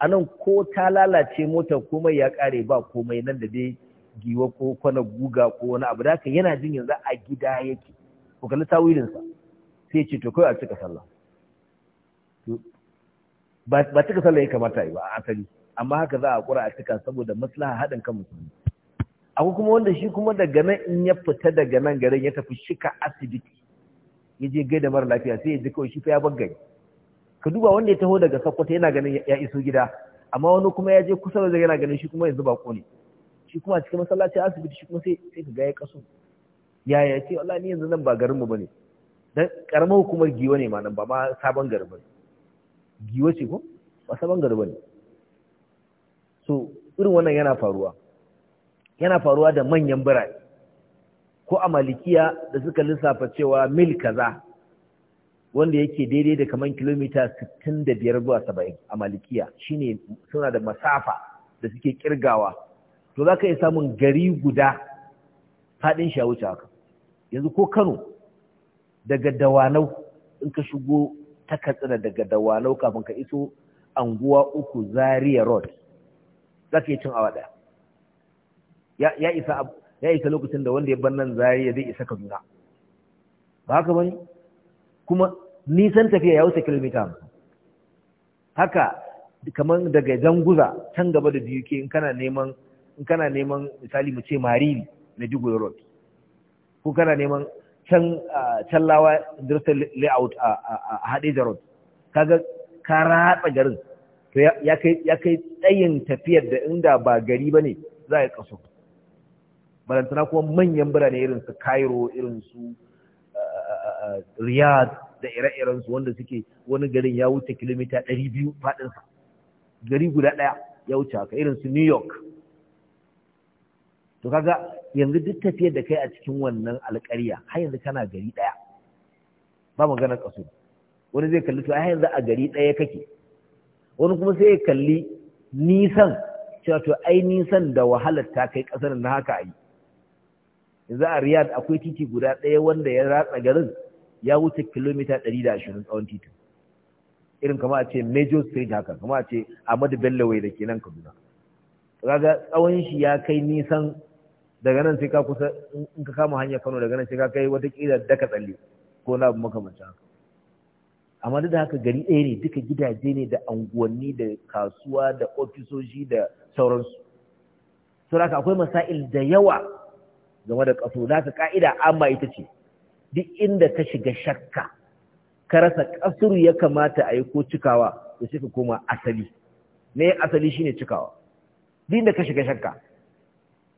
A nan ko ta lalace motar komai ya ƙare ba komai nan da dai giwa ko kwana guga ko wani abu da haka yana jin yanzu a gida yake ko kalli tawilinsa sai ce to a cika sallah ba cika sallah ya kamata yi ba a asali amma haka za a kura a cika saboda maslaha haɗin kan musulmi akwai kuma wanda shi kuma daga nan in ya fita daga nan garin ya tafi shika asibiti ya je gaida mara lafiya sai ya ji kawai shi fa ya bar ka duba wanda ya taho daga sakkwata yana ganin ya iso gida amma wani kuma ya je kusa da yana ganin shi kuma yanzu bako ne shi kuma cikin masallaci asibiti shi kuma sai sai ka ga ya kaso yaya ce wallahi ni yanzu nan ba garin mu bane dan karamar hukumar giwa ne ma nan ba ma sabon garin bane giwa ce ko ba sabon garin bane so irin wannan yana faruwa yana faruwa da manyan birane ko a malikiya da suka lissafa cewa mil kaza wanda yake daidai da kaman kilomita 65 zuwa 70 a malikiya shine suna da masafa da suke kirgawa to za ka iya samun gari guda faɗin shi a wuce haka yanzu ko kano daga dawanau in ka shigo ta katsina daga dawanau kafin ka iso anguwa uku zaria road za ka yi cin awa ɗaya ya isa ya isa lokacin da wanda ya bar nan zariya zai isa kaduna ba haka bane kuma nisan tafiya ya wuce kilomita haka kamar daga zanguza can gaba da duk in kana neman in kana neman misali mu ce mariri na Jigo road ko kana neman can can lawa industrial layout a hadeja road kaga ka ratsa garin to ya kai ya kai tsayin tafiyar da inda ba gari bane za ya kaso barantana kuma manyan birane irin su cairo irin su riyadh da ire-iren su wanda suke wani garin ya wuce kilomita 200 sa gari guda ɗaya ya wuce haka irin su new york to kaga yanzu duk tafiyar da kai a cikin wannan alƙarya har yanzu kana gari ɗaya ba maganar kaso wani zai kalli to har yanzu a gari ɗaya kake wani kuma sai ya kalli nisan cewa to ai nisan da wahalar ta kai ƙasar na haka a yi yanzu a riyad akwai titi guda ɗaya wanda ya ratsa garin ya wuce kilomita 120 tsawon titi irin kama a ce major street haka kama a ce ahmad bello wai da ke nan kaduna kaga tsawon shi ya kai nisan daga nan sai ka kusa in ka kama hanyar kano daga nan sai ka kai wata kila daka tsalle ko na abu makamancin haka amma duk da haka gari ɗaya ne duka gidaje ne da anguwanni da kasuwa da ofisoshi da sauransu ka akwai masail da yawa game da ƙaso za ka ƙa'ida, amma ita ce duk inda ka shiga shakka ka rasa kasuru ya kamata a yi ko cikawa da suka koma asali me asali shine cikawa duk inda ka shiga shakka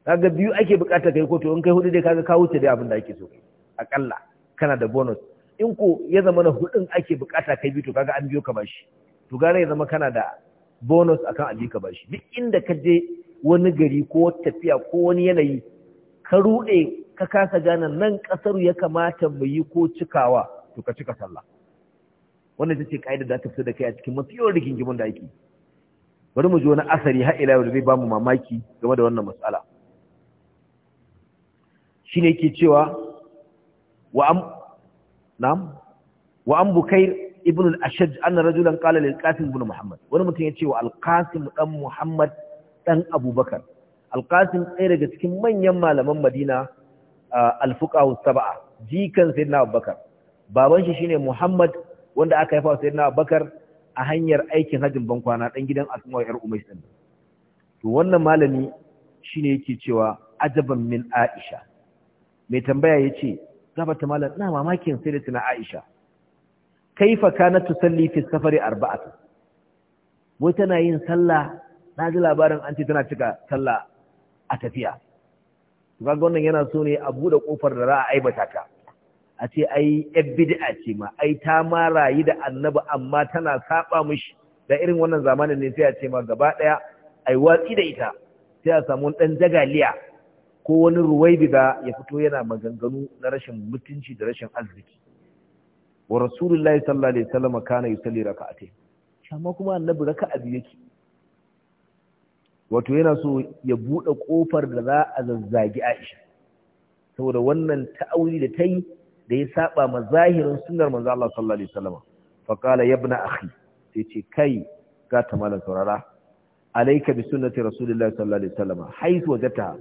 kaga biyu ake ka kai ko to in kai hudu dai kaga ka wuce dai abin da ake so akalla kana da bonus in ko ya zama na hudun ake bukata kai biyu to kaga an biyo ka bashi to gane ya zama kana da bonus akan abi ka bashi duk inda ka je wani gari ko tafiya ko wani yanayi ka ruɗe ka kasa gane nan ƙasar ya kamata mu yi ko cikawa to ka cika sallah wannan ita ce ka'ida da ta fito da kai a cikin masiyar yawan rigingimin da ake bari mu ji wani asari har ila yau zai ba mu mamaki game da wannan matsala shine yake cewa wa am nam wa am bukair ibn al-ashaj anna rajulan qala lil qasim ibn muhammad wani mutum ya ce wa al-qasim dan muhammad dan abubakar alƙasim ɗaya daga cikin manyan malaman madina alfuqahu saba'a. jikan sayyidina abubakar baban shi shine muhammad wanda aka haifa sayyidina abubakar a hanyar aikin hajjin bankwana dan gidan Asma'u yar umais din to wannan malami shine yake cewa ajaban min aisha mai tambaya yace gabata malam na mamakin sayyidatina aisha kaifa kana tusalli fi safari arba'a? wai tana yin sallah na ji labarin an ce tana cika sallah a tafiya kaga wannan yana so ne a bude kofar da za a aibata ta a ce ai yar bid'a ce ma ai ta ma rayu da annabi amma tana saba mishi da irin wannan zamanin ne sai a ce ma gaba daya ai watsi da ita sai a samu ɗan jagaliya ko wani ruwai da ya fito yana maganganu na rashin mutunci da rashin arziki wa rasulullahi sallallahu alaihi wasallam kana yusalli raka'atayn amma kuma annabi raka'a biyu yake wato yana so ya buɗe ƙofar da za a zazzagi Aisha saboda wannan ta'auri da ta yi da ya saba ma zahirin sunnar manzo Allah sallallahu alaihi wasallam fa qala ya ibn akhi sai ce kai ga ta malan saurara alayka bi sunnati rasulillahi sallallahu alaihi wasallam haitu wajata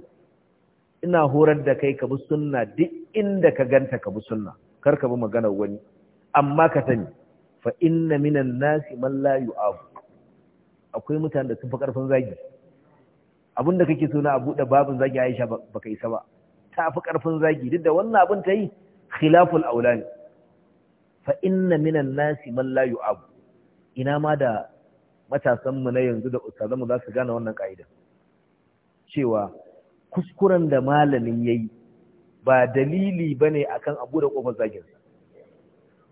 ina horar da kai ka bi sunna duk inda ka ganta ka bi sunna kar ka bi maganar wani amma ka sani fa inna minan nasi man la yu'afu akwai mutanen da sun fi karfin zagi abinda kake so na a buɗe babin zagi Aisha baka isa ba ta fi karfin zagi duk da wannan abin ta yi khilaful aula ne fa inna minan nasi man la yu'ab ina ma da matasan mu na yanzu da ustazan mu za su gane wannan ka'ida cewa kuskuren da malamin yayi ba dalili bane akan abu da kofar zagin sa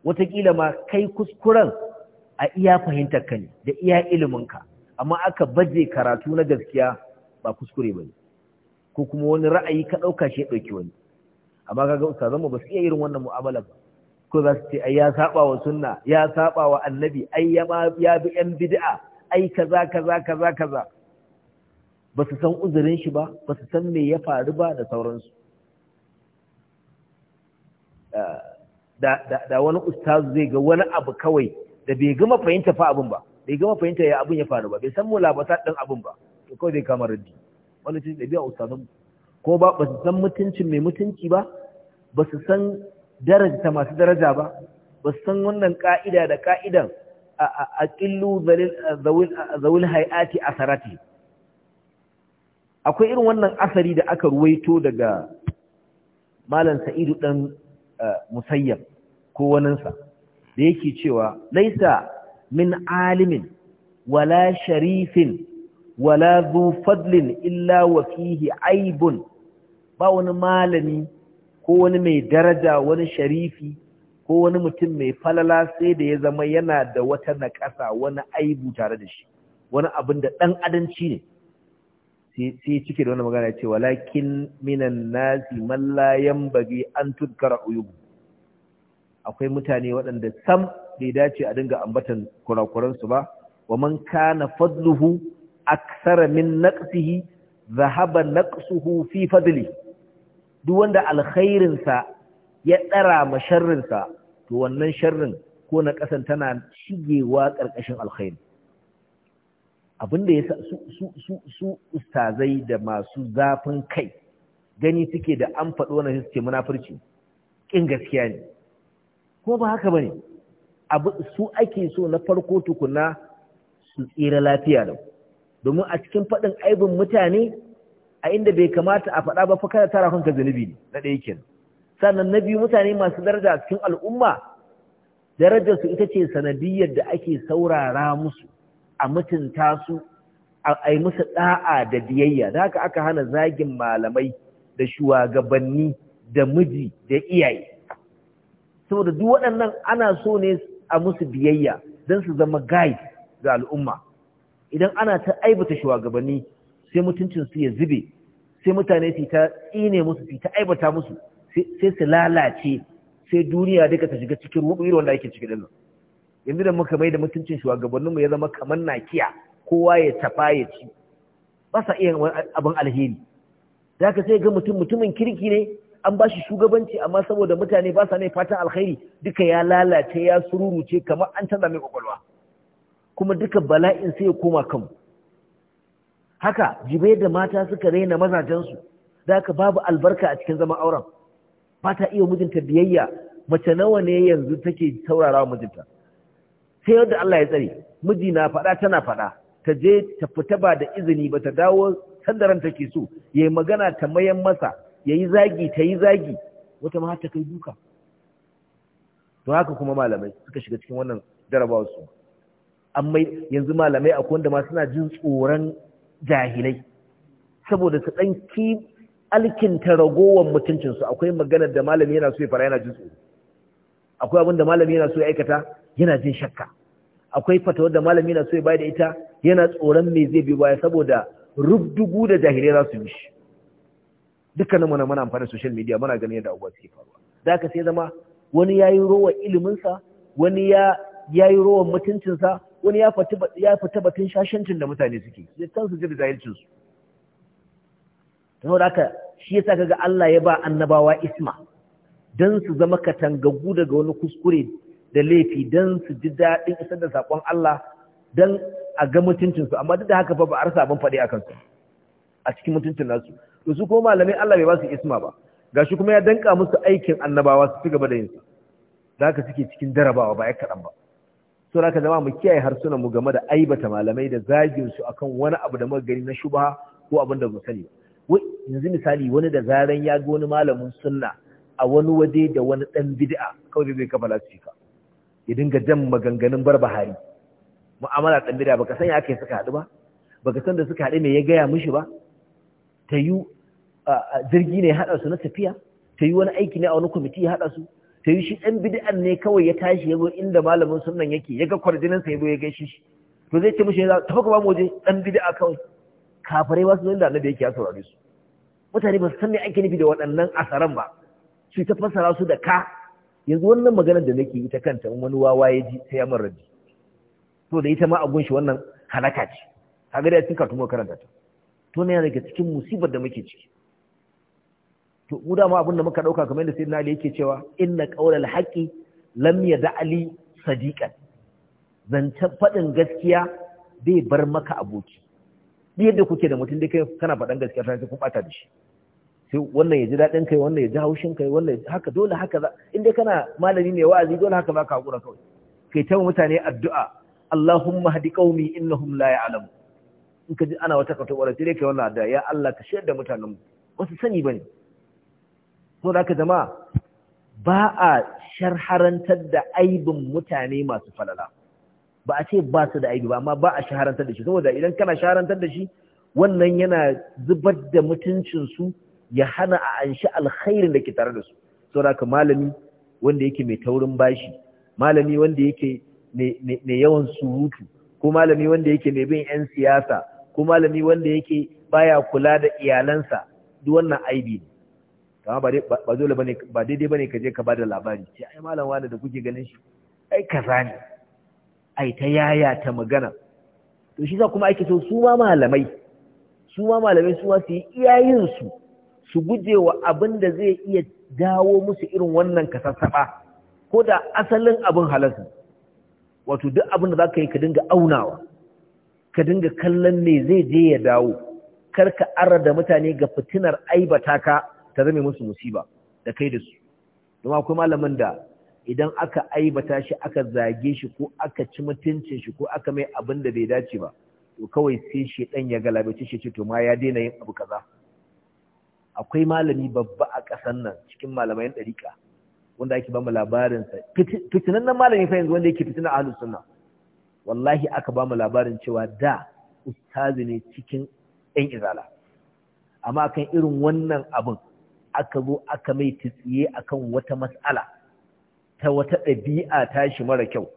wataƙila ma kai kuskuren a iya fahimtar ka ne da iya ilimin ka amma aka baje karatu na gaskiya ba kuskure ba ne ko kuma wani ra'ayi ka ɗauka shi ya ɗauki wani amma kaga ustazan mu ba su iya irin wannan mu'amala ba ko za su ce ai ya saba wa sunna ya saba wa annabi ai ya ma ya bi yan bid'a ai kaza kaza kaza kaza ba su san uzurin shi ba ba su san me ya faru ba da sauransu da wani ustazu zai ga wani abu kawai da bai gama fahimta fa abin ba bai gama fahimta ya abin ya faru ba bai san mulabata din abin ba to kawai zai kama raddi wannan cikin ɗabi'a ustazan ko ba ba su san mutuncin mai mutunci ba ba su san daraja masu daraja ba ba su san wannan ka'ida da ka'idan a ƙillu zawil hayati asarati akwai irin wannan asari da aka ruwaito daga malam sa'idu dan eh, musayyab ko waninsa da yake cewa laisa min alimin wala sharifin wala zu fadlin illa wa fihi aibun ba wani malami ko wani mai daraja wani sharifi ko wani mutum mai falala sai da ya zama yana da wata naƙasa wani aibu tare da shi wani abin da ɗan adanci ne sai cike da wani magana ce walakin minan nasi mallayan bage an tudkara uyubu akwai mutane waɗanda sam bai dace a dinga ambatan kurakuransu ba wa man kana fadluhu aksara min naqsihi zahaba naqsuhu fi fadli duk wanda alkhairinsa ya dara ma sharrinsa to wannan sharrin ko na kasan tana shigewa karkashin alkhairi abinda ya su su su ustazai da masu zafin kai gani suke da an faɗo wannan suke munafurci kin gaskiya ne ko ba haka bane abu su ake so na farko tukuna su tsira lafiya lau domin a cikin faɗin aibin mutane a inda bai kamata a faɗa ba fa kada tara kanka zunubi ne na ɗaya sannan na biyu mutane masu daraja a cikin al'umma darajar su ita ce sanadiyyar da ake saurara musu a mutunta su a ai musu ɗa'a da biyayya da haka aka hana zagin malamai da shugabanni da miji da iyaye saboda duk waɗannan ana so ne a musu biyayya don su zama guide ga al'umma idan ana ta aibata shugabanni sai mutuncin ya zube sai mutane su ta tsine musu su ta aibata musu sai su lalace sai duniya duka ta shiga cikin rubu irin wanda yake cikin dinnan yanzu da muka mai da mutuncin shugabannin mu ya zama kamar nakiya kowa ya tafa ya ci ba sa iya abin alheri da ka sai ga mutum mutumin kirki ne an ba shi shugabanci amma saboda mutane ba sa ne fatan alheri duka ya lalace ya sururuce kamar an canza mai kwakwalwa kuma duka bala'in sai ya koma kanmu haka jibe da mata suka raina mazajensu da aka babu albarka a cikin zaman auren ba ta iya mijinta biyayya mace nawa ne yanzu take saurara mijinta sai yadda Allah ya tsare miji na faɗa tana faɗa ta je ta fita ba da izini ba ta dawo sandaran take so yayi magana ta mayan masa yayi zagi ta yi zagi wata ma kai duka to haka kuma malamai suka shiga cikin wannan jarabawar su amma yanzu malamai akwai wanda ma suna jin tsoron jahilai saboda su dan ki alkinta ragowar mutuncinsu akwai maganar da malami yana so ya fara yana jin tsoro akwai abin da malami yana so ya aikata yana jin shakka akwai fatawar da malami yana so ya bayar da ita yana tsoron me zai bi baya saboda rubdugu da jahilai za su shi dukkanin mu muna amfani social media muna ganin yadda abubuwa suke faruwa da ka sai zama wani ya yi rowa iliminsa wani ya yi rowar mutuncinsa wani ya fita batun shashancin da mutane suke ya kansu zai da zahilcinsu da haka shi ya saka ga Allah ya ba annabawa isma don su zama katangagu daga wani kuskure da laifi don su ji daɗin isar da saƙon Allah don a ga mutuncinsu. amma duk da haka fa ba a rasa ban faɗi a kansu, a cikin mutuncin nasu to su kuma malamai Allah bai ba su isma ba Ga shi kuma ya danka musu aikin annabawa su ci gaba da yin su da haka suke cikin darabawa ba ya kaɗan ba saboda ka zama mu kiyaye harsunan mu game da aibata malamai da zagin su akan wani abu da muka gani na shubha ko abin da ba sani ba yanzu misali wani da zaran ya ga wani malamin sunna a wani waje da wani dan bid'a kawai zai kafa lasifika ya dinga jan maganganun barbahari mu'amala dan bid'a baka san ya kai suka haɗu ba baka san da suka haɗu me ya gaya mishi ba ta yi jirgi ne ya su na tafiya ta yi wani aiki ne a wani kwamiti ya haɗa su ta shi ɗan bid'an ne kawai ya tashi ya zo inda malamin sunan yake ya ga sa ya zo ya gaishe shi to zai ce mishi ya tafi ka ba mu waje ɗan bid'a kawai kafirai ba su zai da annabi yake ya saurare su mutane ba su san me ake nufi da waɗannan asaran ba su ta fassara su da ka yanzu wannan maganar da nake ita kanta in wani wawa ya ji sai ya mara ji to da ita ma a gunshi wannan halaka ce kaga da cikin karatu karanta ta to ne daga cikin musibar da muke ciki to mu da ma abin da muka dauka kamar yadda sayyidina Ali yake cewa inna qawlal haqqi lam yada ali sadiqan zancen fadin gaskiya bai bar maka aboki Ni yadda kuke da mutum dai kai kana fadan gaskiya sai ku bata da shi sai wannan ya ji daɗin kai wannan ya ji haushin kai wannan haka dole haka za in dai kana malami ne wa'azi dole haka za ka haƙura kawai kai ta mutane addu'a Allahumma hadi qaumi innahum la ya'lamu in ka ji ana wata katowar sai dai kai wannan addu'a ya Allah ka shirya da mutanen mu wasu sani bane so da jama'a ba a shaharantar da aibin mutane masu falala ba a ce ba su da aibi ba amma ba a shaharantar da shi saboda idan kana shaharantar da shi wannan yana zubar da mutuncinsu ya hana a anshi alkhairin da ke tare da su saboda malami wanda yake mai taurin bashi malami wanda yake mai yawan surutu ko malami wanda yake mai bin 'yan siyasa ko malami wanda yake baya kula da iyalansa duk wannan aibi ne amma ba dole ba daidai bane ka je ka bada labari ce ai malam wani da kuke ganin shi ai kaza ne ai ta yaya ta magana to shi za kuma ake so su ma malamai su ma malamai su ma su yi iyayen su su guje wa abin da zai iya dawo musu irin wannan kasassaba ko da asalin abin halarsa wato duk abin da za ka yi ka dinga aunawa ka dinga kallon ne zai je ya dawo kar ka arra da mutane ga fitinar aibata ka ta zame musu musiba da kai da su don akwai malamin da idan aka aibata shi aka zage shi ko aka ci mutuncin shi ko aka mai abin da bai dace ba to kawai sai shi dan ya galabace shi ce to ma ya daina yin abu kaza akwai malami babba a ƙasar nan cikin malamai ɗariƙa wanda ake ba mu fitinan nan malami fa yanzu wanda yake fitina a halin sunna wallahi aka ba mu labarin cewa da ustazi ne cikin 'yan izala amma kan irin wannan abin aka zo aka mai tsiye akan wata mas'ala ta wata ɗabi'a tashi mara kyau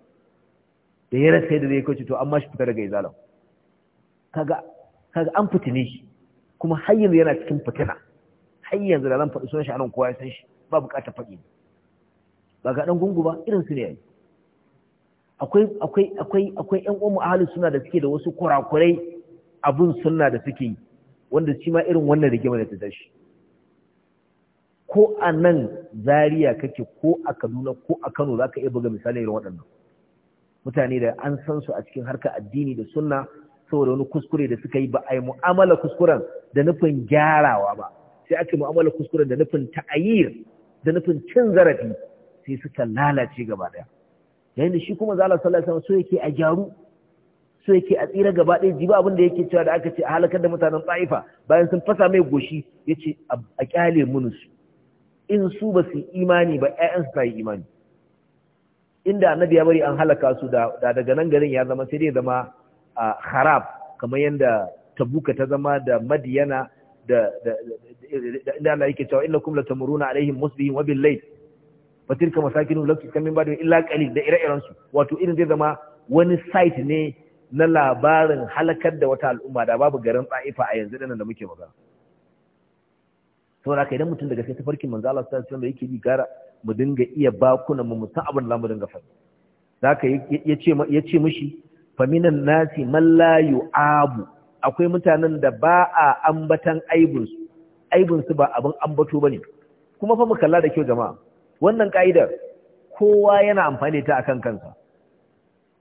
da ya sai da zai kauce to amma shi fita daga izalam kaga kaga an fitine shi kuma har yanzu yana cikin fitina har yanzu da zan faɗi sunan shi anan kowa ya san shi ba buƙatar faɗi ba ga dan gungu ba irin su ne yayi akwai akwai akwai akwai ƴan uwan ahli suna da suke da wasu kurakurai abun sunna da suke yi wanda shi ma irin wannan rigima da ta tashi ko a nan zariya kake ko a kaduna ko a kano za ka iya buga misali irin waɗannan mutane da an san su a cikin harkar addini da sunna saboda wani kuskure da suka yi ba a yi mu'amala kuskuren da nufin gyarawa ba sai ake mu'amala kuskuren da nufin ta'ayir da nufin cin zarafi sai suka lalace gaba daya yayin da shi kuma zala sallallahu alaihi wasallam so yake a gyaru so yake a tsira gaba ɗaya ji abin da yake cewa da aka ce a halakar da mutanen Taifa bayan sun fasa mai goshi yace a kyale munusu in su ba su imani ba 'ya'yansu ta yi imani inda annabi ya bari an halaka su da daga nan garin ya zama sai dai zama harab kamar yadda tabuka ta zama da madiyana da inda Allah yake cewa innakum latamuruna alaihim musbihin wa bil layl fa tilka masakinu la tuskamin ba illa qalil da ire-iren wato irin zai zama wani site ne na labarin halakar da wata al'umma da babu garin Taifa a yanzu da muke magana saboda haka idan mutum daga sai tafarkin manzo Allah sallallahu alaihi wasallam yake bi gara mu dinga iya bakuna mu musan abin da mu dinga faɗi zaka yace yace mishi faminan nasi man la yu'abu akwai mutanen da ba a ambatan aibun su aibun su ba abin ambato bane kuma fa mu kalla da kyau jama'a wannan ka'idar kowa yana amfani ta akan kansa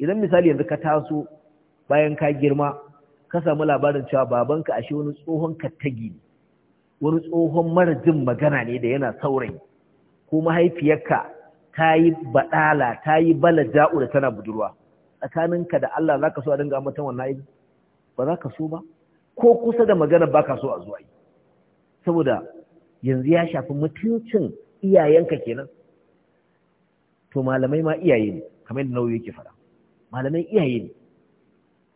idan misali yanzu ka taso bayan ka girma ka samu labarin cewa babanka ashe wani tsohon kattagi ne wani tsohon mara jin magana ne da yana saurayi ko mahaifiyarka ta yi baɗala ta yi bala ja'u da tana budurwa tsakaninka da Allah za ka so a dinga ambatan wannan aiki ba za ka so ba ko kusa da magana ba ka so a zuwa yi saboda yanzu ya shafi mutuncin iyayenka kenan to malamai ma iyaye ne kamar yadda nauyi yake fara malamai iyaye ne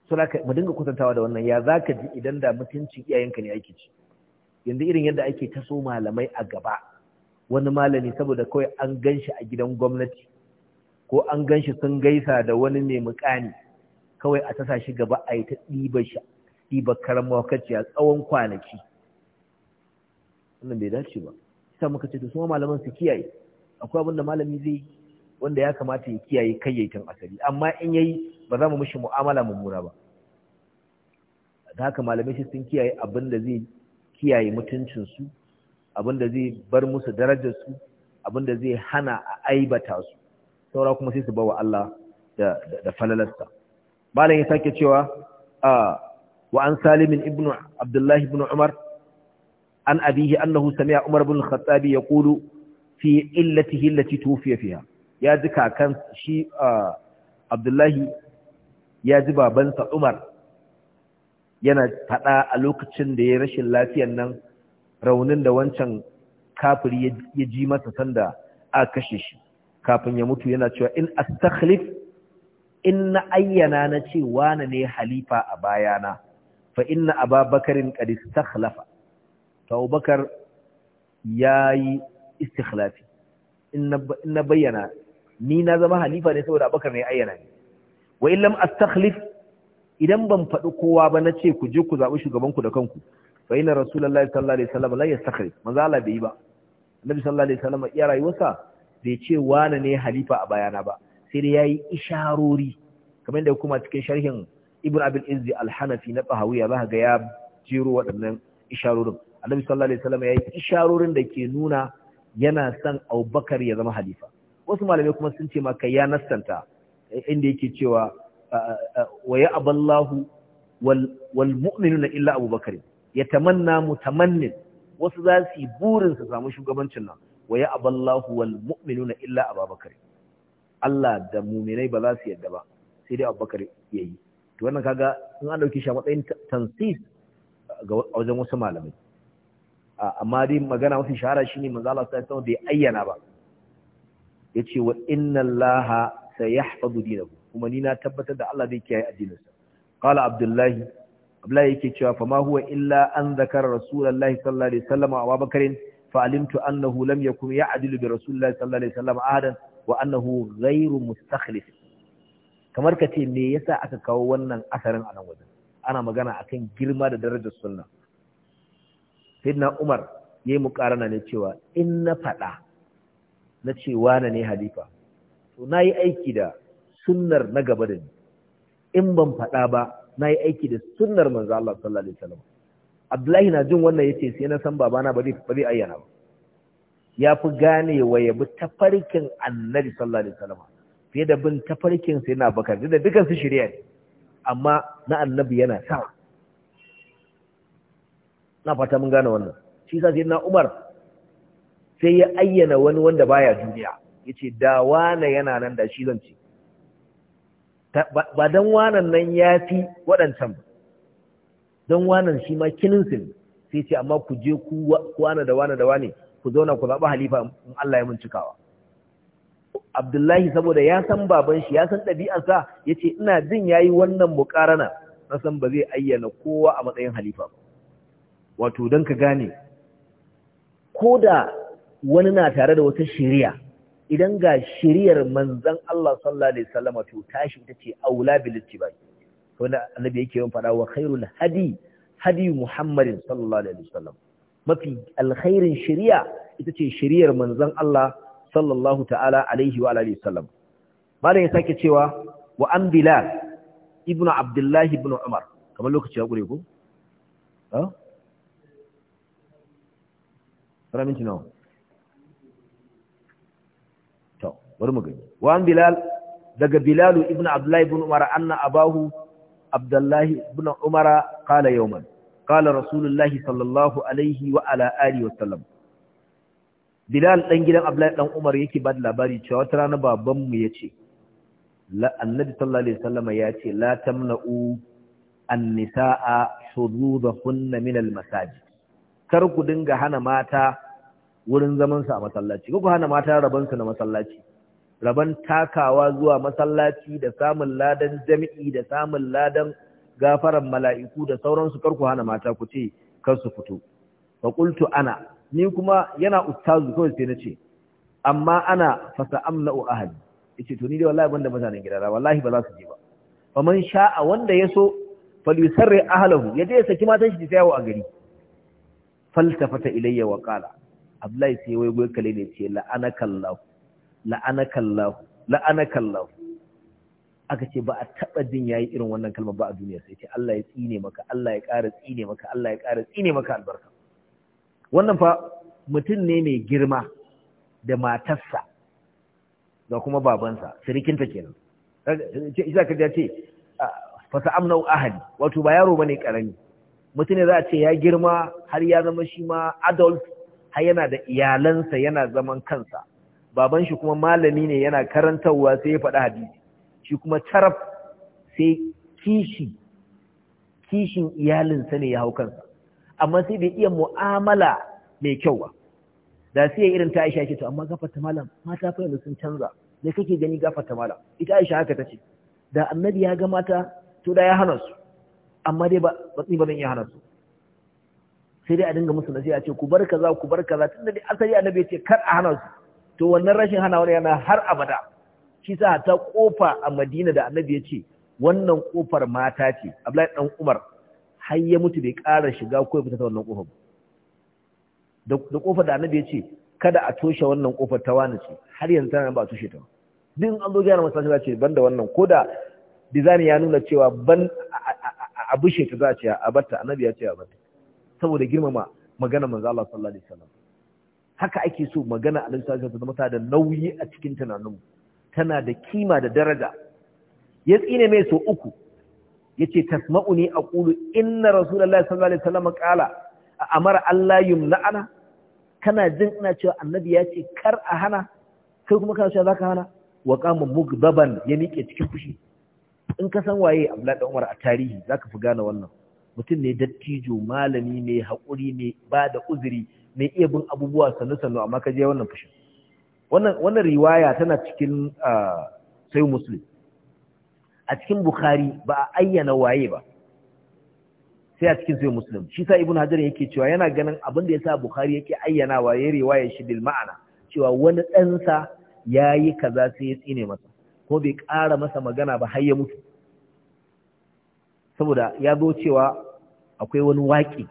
so mu dinga kwatantawa da wannan ya za ka ji idan da mutuncin iyayenka ne ake ci yanzu irin yadda ake taso malamai a gaba wani malami saboda kawai an gan shi a gidan gwamnati ko an gan shi sun gaisa da wani mai muƙani kawai a tasa shi gaba a yi ta ɗiba shi ɗiba a tsawon kwanaki wannan bai dace ba sa muka ce to su malaman su kiyaye akwai abin da malami zai yi wanda ya kamata ya kiyaye kayyakin asali amma in yayi ba za mu mishi mu'amala mummuna ba da haka malamai shi sun kiyaye abin da zai kiyaye mutuncinsu abinda zai bar musu darajarsu abinda zai hana a aibata su saura kuma sai su bawa Allah da falalarsa malam ya sake cewa wa an salimin ibn abdullahi ibn umar an abihi annahu sami'a umar ibn al-khattab yaqulu fi illatihi allati tufiya fiha ya ji kakan shi abdullahi ya ji babansa umar yana faɗa a lokacin da ya rashin lafiyan nan raunin da wancan kafiri ya ji masa sanda a kashe shi kafin ya mutu yana cewa in astakhlif in na ayyana na ce wane ne halifa a bayana fa inna ababakarin qad istakhlafa to abubakar yayi istikhlafi in na bayyana ni na zama halifa ne saboda abubakar ne ayyana ni wa in lam astakhlif idan ban faɗi kowa ba na ce ku je ku zaɓi shugabanku da kanku fa ina rasulullahi sallallahu alaihi wasallam la yastakhrij manzo Allah bai yi ba annabi sallallahu alaihi wasallam ya rayuwarsa bai ce wani ne halifa a bayana ba sai dai yayi isharori kamar da kuma cikin sharhin ibn abil izzi al-hanafi na bahawiya za ga ya jero waɗannan isharorin annabi sallallahu alaihi wasallam yayi isharorin da ke nuna yana son Abubakar ya zama halifa wasu malamai kuma sun ce maka ya nassanta inda yake cewa wa ya aballahu wal mu'minuna illa abubakar ya tamanna mutamannin wasu za su yi burin su samu shugabancin nan wa aballahu wal mu'minuna illa abubakar Allah da muminai ba za su yadda ba sai dai abubakar ya yi to wannan kaga in an dauki shi a matsayin tansis ga wajen wasu malamai amma dai magana mafi shahara shine manzo Allah sai ta bai ayyana ba yace wa inna allaha sayahfazu dinahu kuma ni na tabbatar da Allah zai kiyaye addininsa qala abdullahi abdullahi yake cewa fa ma huwa illa an zakara rasulullahi sallallahu alaihi wasallam wa abubakarin fa alimtu annahu lam yakun ya'dilu bi rasulillahi sallallahu alaihi wasallam ahadan wa annahu ghairu mustakhlif kamar ka ce me yasa aka kawo wannan asarin a nan wajen ana magana akan girma da darajar sunna sayyidina umar yayi mukarana ne cewa in na fada na ce na ne halifa to nayi aiki da sunnar na gaba da ni in ban faɗa ba na yi aiki da sunnar manzo Allah sallallahu alaihi wasallam Abdullahi na jin wannan yace sai na san babana ba zai ayyana ba ya fi gane wa ya bi tafarkin annabi sallallahu alaihi wasallam fiye da bin tafarkin sai na bakar da dukan su shirya ne amma na annabi yana sa na fata mun gane wannan shi sa sai na Umar sai ya ayyana wani wanda baya duniya yace da yana nan da shi zan ci ba don wanan nan ya fi waɗancan ba don wanan shi ma kininsu ne sai ce amma ku je ku wane da wane da wane ku zauna ku zaɓi halifa in Allah ya cikawa. Abdullahi saboda ya san baban shi ya san ɗabi'arsa ya ce ina jin ya yi wannan muƙarana na san ba zai ayyana kowa a matsayin halifa ba. Wato don ka gane, ko da wani na tare da wata shari'a idan ga shiriyar manzan Allah sallallahu alaihi wasallam to tashi ita ce aula bil ittibai wanda annabi yake yin fada wa khairul hadi hadi muhammadin sallallahu alaihi wasallam mafi alkhairin shiriya ita ce shiriyar manzan Allah sallallahu ta'ala alaihi wa alihi wasallam malam ya sake cewa wa an bilal ibn Abdullahi ibn umar kamar lokaci ya gure ko ah ramin tinawa bari mu gani wa bilal daga bilal ibn Abdullahi ibn umar anna abahu Abdullahi ibn umar qala yawman qala rasulullahi sallallahu alaihi wa ala alihi wa sallam bilal dan gidan Abdullahi dan umar yake ba da labari cewa wata rana baban mu yace la annabi sallallahu alaihi wasallam yace la tamna'u an-nisaa hududahunna min al-masajid kar ku dinga hana mata wurin zamansu a masallaci, ku hana mata rabansu na masallaci, raban takawa zuwa masallaci da samun ladan jami'i da samun ladan gafaran mala'iku da sauransu karku hana mata ku ce kar su fito fa qultu ana ni kuma yana ustazu kawai sai nace amma ana fasa amna'u ahli yace to ni dai wallahi banda gida da wallahi ba za su je ba man sha'a wanda yaso falyusarri ahlahu yaje ya saki matan shi ta yawo a gari faltafata ilayya wa qala abdullahi sai wai goyi kale ne ce la'anaka allah la'anakallahu la'anakallahu aka ce ba a taba jin yayi irin wannan kalmar ba a duniya sai ce Allah ya tsine maka Allah ya ƙara tsine maka Allah ya ƙara tsine maka albarka wannan fa mutum ne mai girma da matarsa da kuma babansa sirikinta kenan isa ka ce fasa amnau ahali wato ba yaro bane karami mutum ne za a ce ya girma har ya zama shi ma adult har yana da iyalansa yana zaman kansa baban shi kuma malami ne yana karantarwa sai ya faɗi hadisi shi kuma taraf sai kishi kishin iyalinsa ne ya hau kansa amma sai bai iya mu'amala mai kyau ba da sai irin ta Aisha ce to amma gafarta malam mata fa yanzu sun canza me kake gani gafarta malam ita Aisha haka tace da annabi ya ga mata to da ya hana su amma dai ba ni ba zan iya hana su sai dai a dinga musu nasiha ce ku bar kaza ku bar kaza tunda dai asali annabi ya ce kar a hana su to wannan rashin hana wani yana har abada shi sa ta kofa a madina da annabi ya ce wannan kofar mata ce abdullahi dan umar har ya mutu bai ƙara shiga ko ya fita ta wannan kofar da kofar da annabi ya ce kada a toshe wannan kofar ta wani ce har yanzu tana ba a toshe ta din an zo gyara masallaci za ce ban da wannan ko da design ya nuna cewa ban a bushe ta za a ce a batta annabi ya ce a batta saboda girmama magana manzo Allah sallallahu alaihi wasallam haka ake so magana annabi sallallahu da da nauyi a cikin tunaninmu tana da kima da daraja ya tsine mai so uku yace tasma'uni aqulu inna rasulullahi sallallahu alaihi wasallam qala amara Allah yumna'ana kana jin ina cewa annabi ya ce kar a hana kai kuma kana cewa zaka hana wa qama mugdaban ya miƙe cikin fushi in ka san waye Abdullahi dan Umar a tarihi zaka fi gane wannan mutum ne dattijo malami ne haƙuri ne ba da uzuri mai iya bin abubuwa sannu-sannu amma ka je wannan fushin wannan riwaya tana cikin ah, sai muslim a cikin bukhari ba a ayyana waye ba sai a cikin sai muslim shi sa ibn hajar yake cewa yana ganin abin da ya sa bukhari yake ayyana waye riwaya shi bil ma'ana cewa wani ɗansa ya yi kaza sai ya tsine masa ko bai ƙara masa magana ba har ya mutu saboda ya zo cewa akwai wani waƙi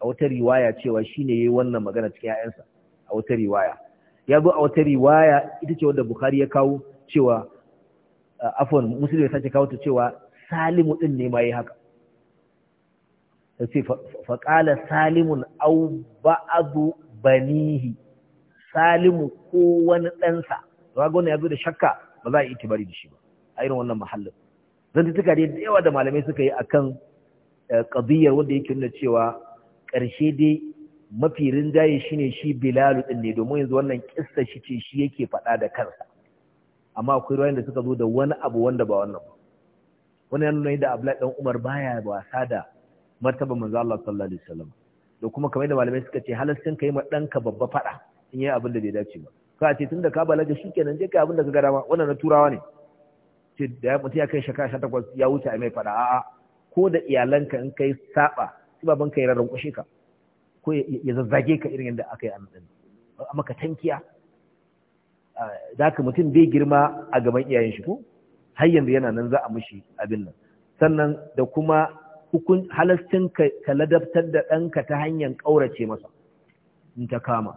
a wata riwaya cewa shine yayi wannan magana cikin 'ya'yansa. a wata riwaya ya zo a wata riwaya ita ce wanda Bukhari ya kawo cewa afwan Muslim ya sace kawo ta cewa Salimu din ne ma yayi haka sai fa qala Salimun aw ba'du banihi Salimu ko wani ɗansa Ragon ya zo da shakka ba za a yi itibari da shi ba a irin wannan mahallin zantutuka dai da yawa da malamai suka yi a kan kadiyar eh, wanda yake nuna cewa ƙarshe dai mafi rinjaye shine shi bilalu ɗin ne domin yanzu wannan ƙista shi ce shi yake faɗa da kansa amma akwai ruwan da suka zo da wani abu wanda ba wannan ba wani yana nuna yadda abdullahi dan umar baya wasa da martaba manzo Allah sallallahu alaihi wasallam da kuma kamar da malamai suka ce sun kai ma ɗanka babba faɗa in yi abin da bai dace ba ka ce tun da ka balaga kenan je kai abin da ka ga dama wannan na turawa ne ce da mutum ya kai shekara takwas ya wuce a mai faɗa a'a ko da iyalanka in kai saba sai ka ya rarrankwashe ka ko ya zazzage ka irin yadda aka yi annan a maka tankiya da ka mutum bai girma a gaban iyayen shi ko har yanzu yana nan za a mushi abin nan sannan da kuma hukun halastin ka ladabtar da ɗanka ta hanyar ƙaurace masa in ta kama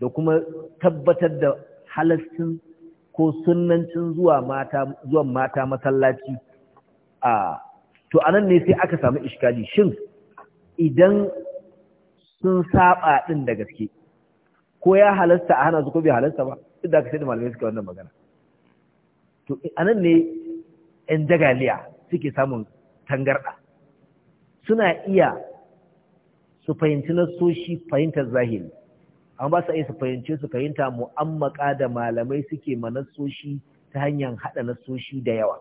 da kuma tabbatar da halastin ko sunnancin zuwa mata zuwan mata masallaci a to anan ne sai aka samu ishkali shin idan sun saba din da gaske ko ya halasta a hana su ko bai halasta ba duk da aka da malamai suka wannan magana to anan ne yan dagaliya suke samun tangarda suna iya su fahimci nasoshi fahimtar zahiri amma ba su iya su fahimci su fahimta mu'ammaka da malamai suke ma nasoshi ta hanyar haɗa nasoshi da yawa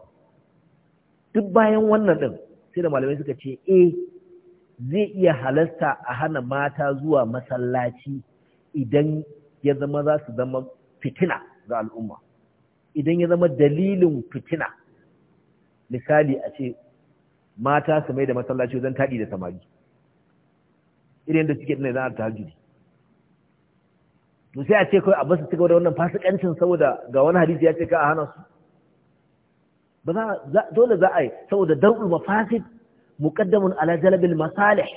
duk bayan wannan ɗin sai da malamai suka ce eh zai iya halasta a hana mata zuwa masallaci idan ya zama za su zama fitina ga al'umma idan ya zama dalilin fitina misali a ce mata su mai da masallaci wajen taɗi da samari irin da suke dina za a to sai a ce kawai a basu cigaba da wannan fasikancin saboda ga wani hadisi ya ce ka a hana su ba za dole za a yi saboda ulma mafasid muqaddamun ala jalbil masalih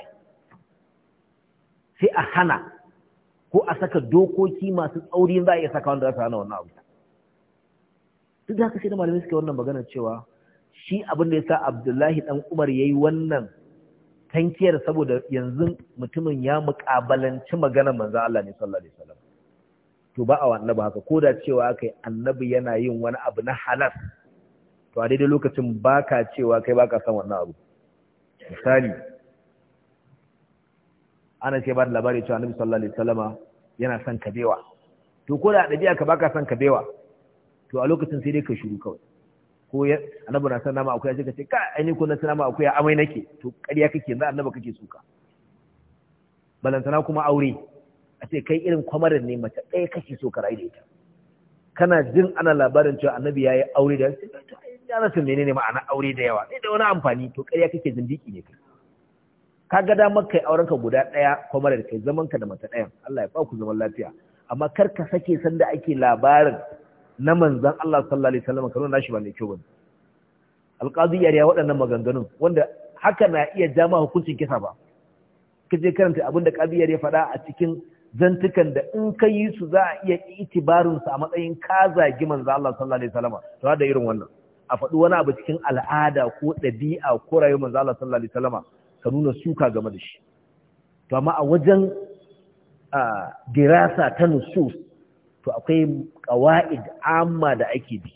sai a hana ko a saka dokoki masu tsauri za a iya saka wanda za su hana wannan abu duk da haka sai malamai wannan maganar cewa shi abin da ya sa abdullahi dan umar ya yi wannan tankiyar saboda yanzu mutumin ya mukabalanci maganar manzan Allah ne sallallahu alaihi wasallam to ba a ba haka ko da cewa kai annabi yana yin wani abu na halal to a daidai lokacin baka cewa kai baka san wannan abu misali ana ce ba da labari cewa annabi sallallahu alaihi wasallama yana son kabewa to ko da dabi'a ka baka son kabewa to a lokacin sai dai ka shiru kawai ko annabi na san nama akuya sai ka ce ka ai ni ko na san nama akuya amai nake to ƙarya kake yanzu annabi kake suka balantana kuma aure a ce kai irin kwamarin ne mace ɗaya kake so ka rayu da ita kana jin ana labarin cewa annabi ya yi aure da sai ya su menene ma'ana aure da yawa sai da wani amfani to karya kake zindiki ne kai ka ga damar kai aurenka guda ɗaya kuma da kai zaman ka da mata ɗayan Allah ya ku zaman lafiya amma kar ka sake sanda ake labarin na manzon Allah sallallahu alaihi wasallam kallon nashi ba mai kyau bane alqazi yariya waɗannan maganganun wanda haka na iya jama hukuncin kisa ba kaje karanta abin da qadi ya faɗa a cikin zantukan da in ka yi su za a iya itibarinsu a matsayin ka zagi manzo Allah sallallahu alaihi wasallam to da irin wannan a faɗi wani abu cikin al'ada ko ɗabi'a ko rayuwar manzo Allah sallallahu alaihi wasallama ka nuna suka game da shi to amma a wajen dirasa ta nusus to akwai qawaid amma da ake bi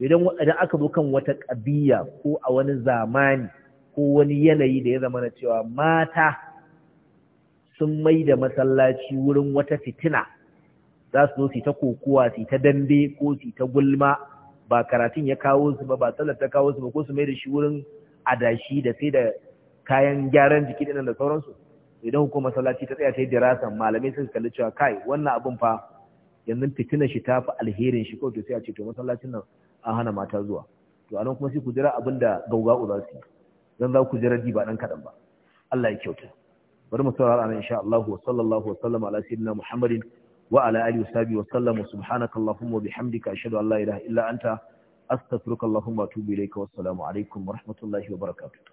idan idan aka zo kan wata ƙabiya ko a wani zamani ko wani yanayi da ya zama na cewa mata sun mai da masallaci wurin wata fitina za su zo su ta kokowa su ta dambe ko su ta gulma ba karatun ya kawo su ba ba sallar ta kawo su ba ko su mai da shi wurin adashi da sai da kayan gyaran jiki ɗin da sauransu idan hukumar masallaci ta tsaya ta yi dirasan malamai sun kalli cewa kai wannan abin fa yanzu fitinar shi ta fi alherin shi ko to sai a ce to masallacin nan an hana mata zuwa to anan kuma sai ku jira abin da gauga'u za su yi zan za ku jira ba dan kaɗan ba Allah ya kyauta bari mu saurara nan insha Allah wa sallallahu wa sallama ala sayyidina Muhammadin wa ala alihi washabi wa sallam subhanaka allahumma hamdi ka an la ilaha illa anta astaghfiruka allahumma wa atubu ilayka wassalamu alaikum wa rahmatullahi wa barakatuh